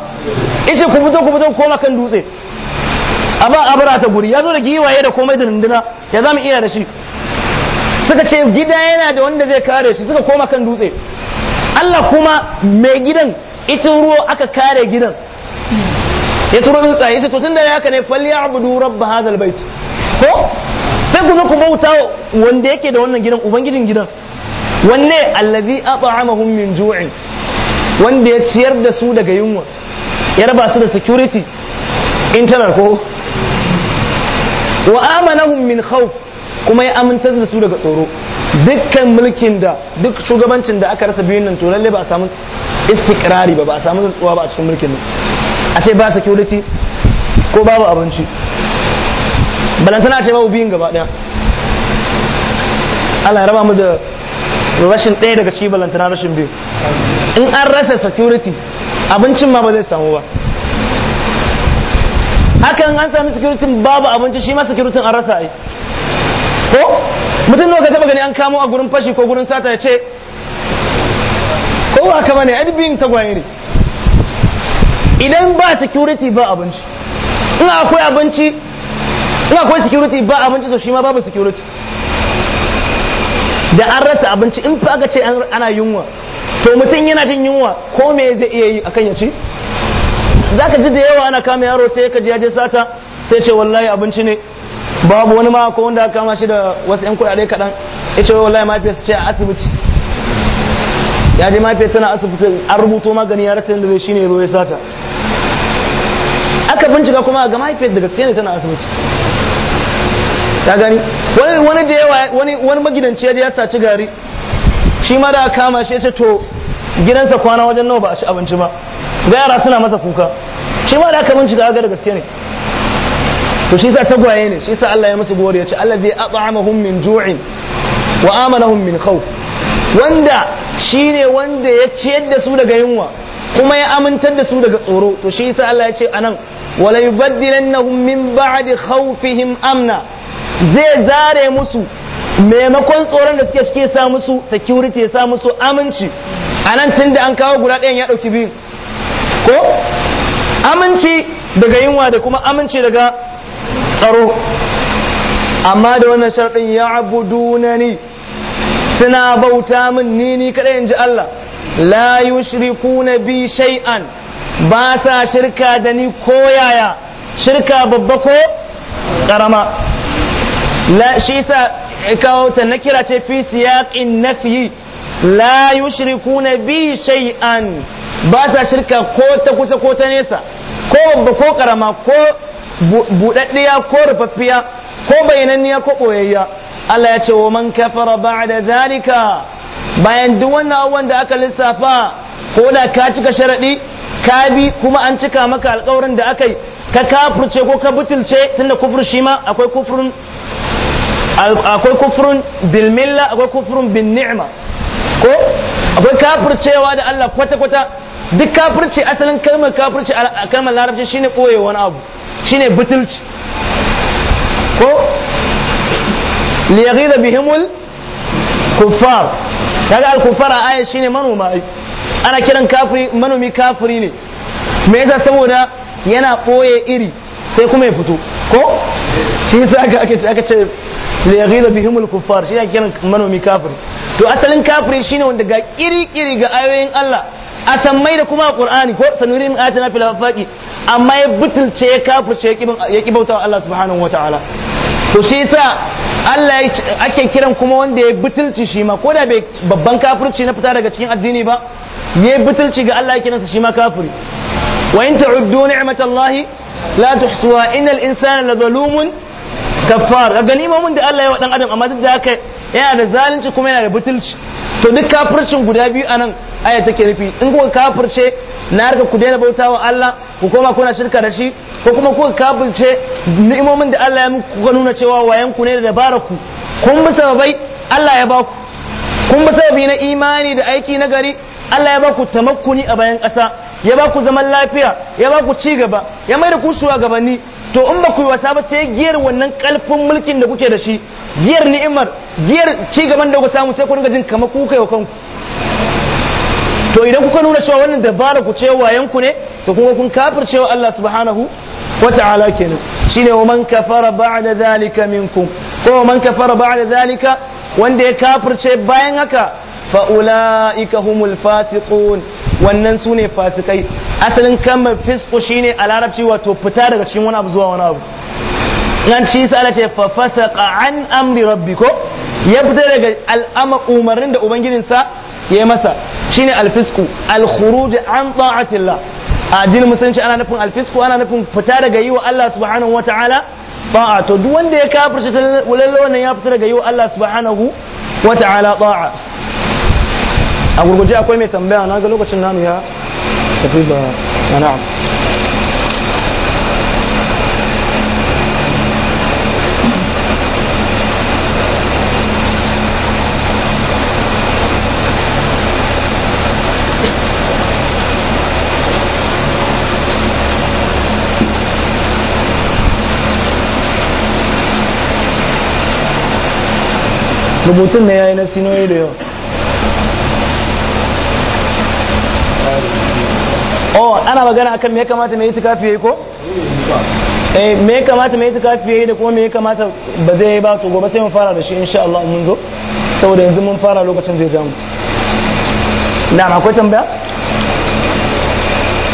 ice ku fito ku fito koma kan dutse a ba abara ta guri ya zo da giwaye da komai da dunduna. ya za iya da shi suka ce gida yana da wanda zai kare su suka koma kan dutse Allah kuma mai gidan itin ruwa aka kare gidan ya turo tsuntsaye shi to tun da haka ne falyabudu rabb hadal bait ko sai ku zo ku bauta wanda yake da wannan gidan ubangijin gidan wanne allazi at'amahum min ju'in wanda ya ciyar da su daga yunwa ya raba su da security internal ko wa amanahum min khawf kuma ya amintar da su daga tsoro dukkan mulkin da duk shugabancin da aka rasa biyun nan to lalle ba a samu istikrari ba ba a samu tsuwa ba a cikin mulkin nan a ce ba security ko babu abinci balantana ce babu biyun gaba daya Allah ya raba mu da rashin ɗaya daga cikin balantana rashin biyu in an rasa security abincin ma ba zai samu ba hakan an sami security babu abinci shi ma security an rasa ai ko mutum ne ka taba gani an kamo a gurin fashi ko gurin sata ya ce ko haka bane adbin ta ne idan ba security ba abinci in akwai abinci in akwai security ba abinci to shi ma babu security da an rasa abinci in fa aka ce ana yunwa to mutum yana jin yunwa ko me zai iya yi akan ya ci zaka ji da yawa ana kama yaro sai ka ji ya je sata sai ce wallahi abinci ne babu wani ma ko wanda kama shi da wasu yan kudade kaɗan ya ce wallahi su ce a asibiti ya je mafiya tana asibiti an rubuto magani ya rasa yadda zai shine ruwa ya sata aka bincika kuma ga mahaifiyar daga tsaye ne tana asibiti ta gani wani da yawa wani magidanci ya je ya saci gari shi ma da kama shi ya ce to gidansa kwana wajen nawa ba a ci abinci ba ga yara suna masa kuka shi ma da aka bincika ga daga gaske ne to shi sa tagwaye ne shi sa Allah ya musu gori ya ce allazi at'amahum min ju'in wa amanahum min khawf wanda shine wanda ya ciyar da su daga yunwa kuma ya amintar da su daga tsoro to shi yasa Allah ya ce anan wala yubaddilannahum min ba'di khawfihim amna zai zare musu maimakon tsoron da suke cike sa musu security ya sa musu aminci anan tunda an kawo guda ɗayan ya ɗauki biyu ko aminci daga yunwa da kuma aminci daga tsaro amma da wannan sharɗin ya abu ni suna bauta min ni ni kaɗai in ji Allah la na bi shai'an ba sa shirka da ni ko yaya shirka babba ko ƙarama la shi sa kawo ta na kira ce fi siyaqin nafyi la na bi shai'an ba sa shirka ko ta kusa ko ta nesa ko babba ko ƙarama ko buɗaɗɗiya ko rufaffiya ko bayananniya ko ɓoyayya Allah ya ce wa man kafara ba'da zalika bayan duk wannan abubuwan da aka lissafa ko da ka cika sharaɗi ka bi kuma an cika maka alƙawarin da aka ka kafirce ko ka butulce tunda kufur shi ma akwai kufurun akwai kufurun bil milla akwai kufurun bin ni'ma ko akwai kafircewa da Allah kwata kwata duk kafirci asalin kalmar kafirci a kalmar larabci shine ɓoye wani abu shine butulci ko da bihimul kuffar kaga al-kuffar a aya shine manoma ana kiran kafiri manomi kafiri ne me yasa saboda yana ɓoye iri sai kuma ya fito ko shi yasa aka aka ce aka ce da bihimul kuffar shi ne kiran manomi kafiri to asalin kafiri shine wanda ga kiri kiri ga ayoyin Allah a sammai da kuma a qur'ani ko sanuri min atina fil afaqi amma ya butulce ya kafurce ya ki bauta Allah subhanahu wataala to shi yasa Allah ake kiran kuma wanda ya butulci shi ma koda bai babban kafurci na fita daga cikin addini ba ya butulci ga Allah ya kiransa shi ma kafuri. wa in ta'uddu ni'matallahi la tuhsuha innal insana la zalumun kaffar ga ganimomin da Allah ya wa dan adam amma duk da haka yana da zalunci kuma yana da butulci to duk kafircin guda biyu anan aya take nufi in kuka kafirce na harka ku daina bauta wa Allah ku koma kuna shirka da shi ko kuma kuka kafirce ni'imomin da Allah ya muku kuka nuna cewa wayan ku ne da dabara ku kun bi sababai Allah ya baku kun bi sababi na imani da aiki na gari Allah ya baku tamakkuni a bayan ƙasa ya baku zaman lafiya ya baku ci gaba ya mai da ku gabanni. to in ba ku yi wasa ba sai giyar wannan kalfin mulkin da kuke da shi giyar ni'imar giyar ci gaban da ku samu sai ku ringa jin kamar kuka wa kanku to idan kuka nuna cewa wannan dabara ku ce wayan ku ne to kuma kun wa Allah subhanahu ta'ala kenan shine wa man kafara ba'da zalika minkum ko man kafara ba'da zalika wanda ya kafirce bayan haka fa'ula'ika humul fasiqun wannan su ne fasikai asalin kalmar fisku shine a larabci wato fita daga cikin wani abu zuwa wani abu nan ci sa ce fa fasaqa an amri rabbi ko ya fita daga al'ama umarnin da sa ya masa shine alfisku alkhuruj an ta'atillah a addinin musulunci ana nufin alfisku ana nufin fita daga yi wa Allah subhanahu wataala ta'a to duk wanda ya kafirce lalle wannan ya fita daga yi wa Allah subhanahu wataala ta'a a gurguje akwai mai tambaya na ga lokacin nanuya ya tafi ba na'am rubutun ne ya yi na sinoyi da yawa magana akan me ya kamata mai itikafi yayi ko eh me ya kamata mai itikafi yayi da kuma me ya kamata ba zai ba to gobe sai mun fara da shi insha Allah mun zo saboda yanzu mun fara lokacin zai jamu ma akwai tambaya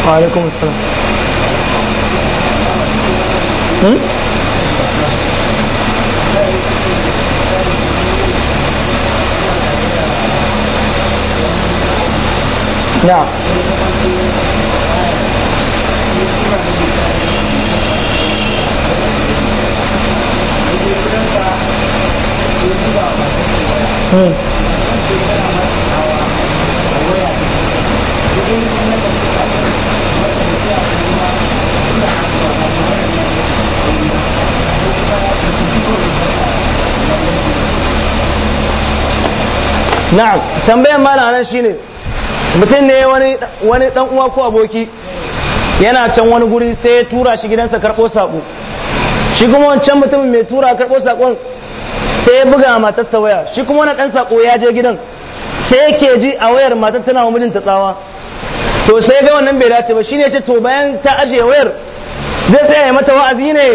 wa alaikum assalam hmm? Yeah. na'am tambayan malam nan shine mutum ne wani wani dan uwa ko aboki yana can wani guri sai ya tura shi gidansa karbo sako shi kuma wancan mutumin mai tura karbo sakon sai ya buga matarsa waya shi kuma wani dan sako ya je gidan sai yake ji a wayar matar tana wa mijinta tsawa to sai ga wannan bai dace ba shi ne ce to bayan ta ajiye wayar zai tsaya ya mata wa'azi ne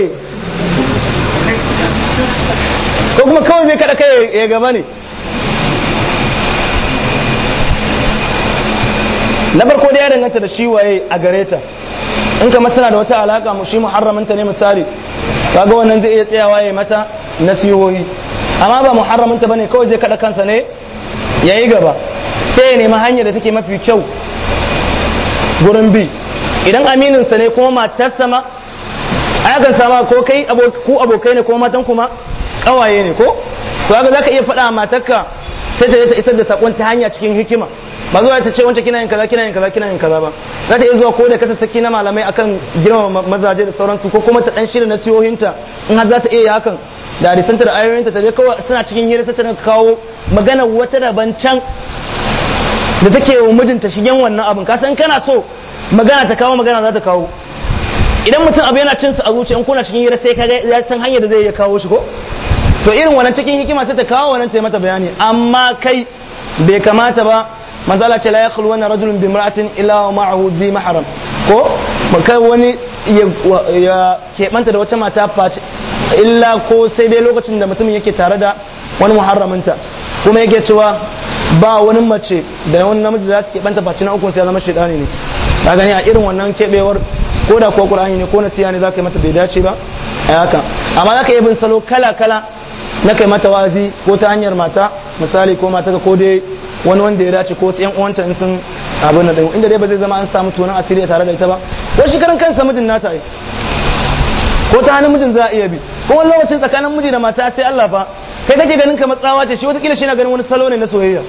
ko kuma kawai mai kada kai ya gaba ne na farko da ya danganta da shi waye a gare ta in kama tana da wata alaka mu shi muharraminta ne misali kaga wannan zai iya tsayawa ya mata nasihohi amma ba muharramin ta bane kawai zai kada kansa ne yayi gaba sai ya nemi hanyar da take mafi kyau gurin bi idan aminin sa ne kuma matarsa ma akan sama ko kai ku abokai ne kuma matan kuma kawaye ne ko to haka zaka iya faɗa matarka sai ta ta isar da sakon ta hanya cikin hikima ba zuwa ta ce wancan kina yin kaza kina yin kaza kina yin kaza ba za ta iya zuwa ko da kasa saki na malamai akan girmama mazaje da sauransu ko kuma ta dan shirin ta in har za ta iya yi hakan da risantar ayoyinta ta je kawai suna cikin hira risantar kawo magana wata daban can da take wa mijinta shigen wannan abin ka san kana so magana ta kawo magana za ta kawo idan mutum abu yana cinsu a zuciya in kuna cikin hira sai ka ya san hanyar da zai kawo shi ko to irin wannan cikin hikima sai ta kawo wannan sai mata bayani amma kai bai kamata ba manzo ce la yakhlu wani rajulun bi maratin illa wa ma'ahu bi maharam ko kai wani ya keɓanta da wata mata face illa ko sai dai lokacin da mutum yake tare da wani muharraminta kuma yake cewa ba wani mace da wani namiji za su keɓanta face na uku sai zama shaidani ne ka gani a irin wannan keɓewar ko da ko qur'ani ne ko na ne za ka yi mata bai dace ba a haka amma za ka yi bin salo kala kala na kai mata wazi ko ta hanyar mata misali ko mata ko dai wani wanda ya dace ko yan uwanta in sun abin da inda dai ba zai zama an samu tunan asiri tare da ita ba ko shi karan kansa mijin nata yi ko ta hannun mijin za a iya bi ko wani lokacin tsakanin miji da mata sai Allah fa kai kake ganin kamar tsawa ce shi wata kila shi na ganin wani salo ne na soyayya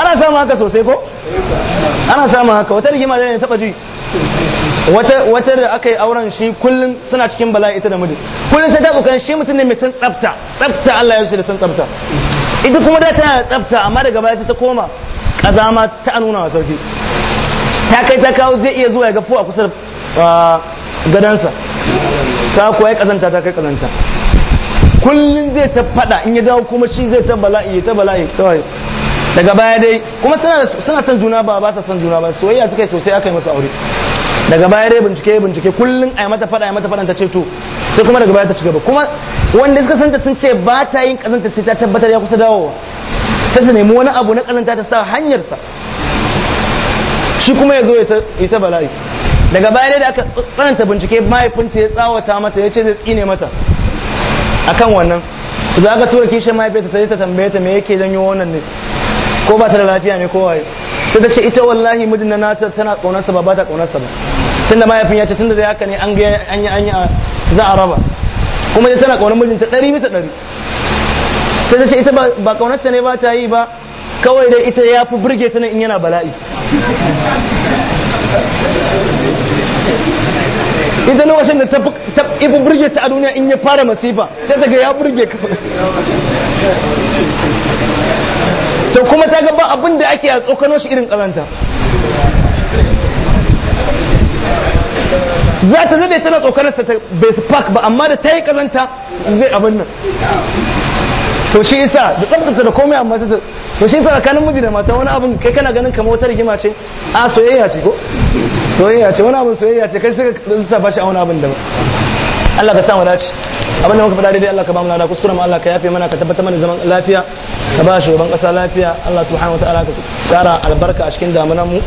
ana samun haka sosai ko ana samun haka wata rigima da ne taɓa ji wata da aka yi auren shi kullum suna cikin bala'i ita da mijin kullum sai ta kokarin shi mutum ne mai san tsafta tsafta Allah ya shi da san tsafta ita kuma da tana tsafta amma daga baya ta koma kazama ta nuna wa sauki ta kai ta kawo zai iya zuwa ya ga a kusa ah, gadansa ta kuwa ya kazanta ta kai kazanta kullum zai ta fada in ya dawo kuma shi zai ta bala'i ta bala'i kawai daga baya dai kuma suna son juna ba ba ta son juna ba soyayya suka yi sosai aka yi masa aure daga baya dai bincike bincike kullum a mata fada a mata fada ta ce to sai kuma daga baya ta cigaba kuma wanda suka santa sun ce ba ta yin kazanta sai ta tabbatar ya kusa dawowa sai ta nemi wani abu na kazanta ta sa hanyarsa shi kuma ya zo ya ta bala'i daga baya dai da aka tsananta bincike mahaifinta ya tsawata mata ya ce zai tsine mata akan wannan za ka tura kishin mahaifinta sai ta tambaye ta me yake janyo wannan ne ko ba ta da lafiya ne ko waye sai ta ce ita wallahi mijin na nata tana kaunarsa ba ba ta kaunarsa ba tunda mahaifin ya ce tunda zai haka ne an ga an yi an yi za a raba kuma ita tana kaunar ta ɗari bisa ɗari sai ta ce ita ba ta ne ba ta yi ba kawai dai ita ya fi burge ta in yana bala'i ita na wasan da ta ibu burge ta a duniya in ya fara masifa sai ta ga ya burge ka to kuma ta gaba abin da ake a tsokano shi irin kazanta za ta zai tana sa ta bai park ba amma da ta yi kazanta zai abin nan to shi isa da tsabtata da komai amma ta to shi isa kanin miji da mata wani abin kai kana ganin kamar wata rigima ce a soyayya ce ko soyayya ce wani abin soyayya ce kai suka lissafa shi a wani abin da ba Allah ka sa mu dace abinda muka faɗa daidai Allah ka ba mu lada kuskure mu Allah ka yafe mana ka tabbatar mana zaman lafiya ka ba shugaban kasa lafiya Allah subhanahu wataala ka tsara albarka a cikin damunan mu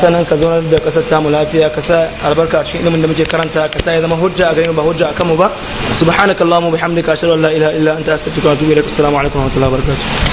sanan ka zaunar da kasar tamu lafiya ka sa albarka a cikin ilimin da muke karanta ka sa ya zama hujja a gare mu ba hujja a kanmu ba subhanakallahumma bihamdika ashhadu an la ilaha illa anta astaghfiruka wa atubu ilaik assalamu alaikum wa rahmatullahi wa barakatuh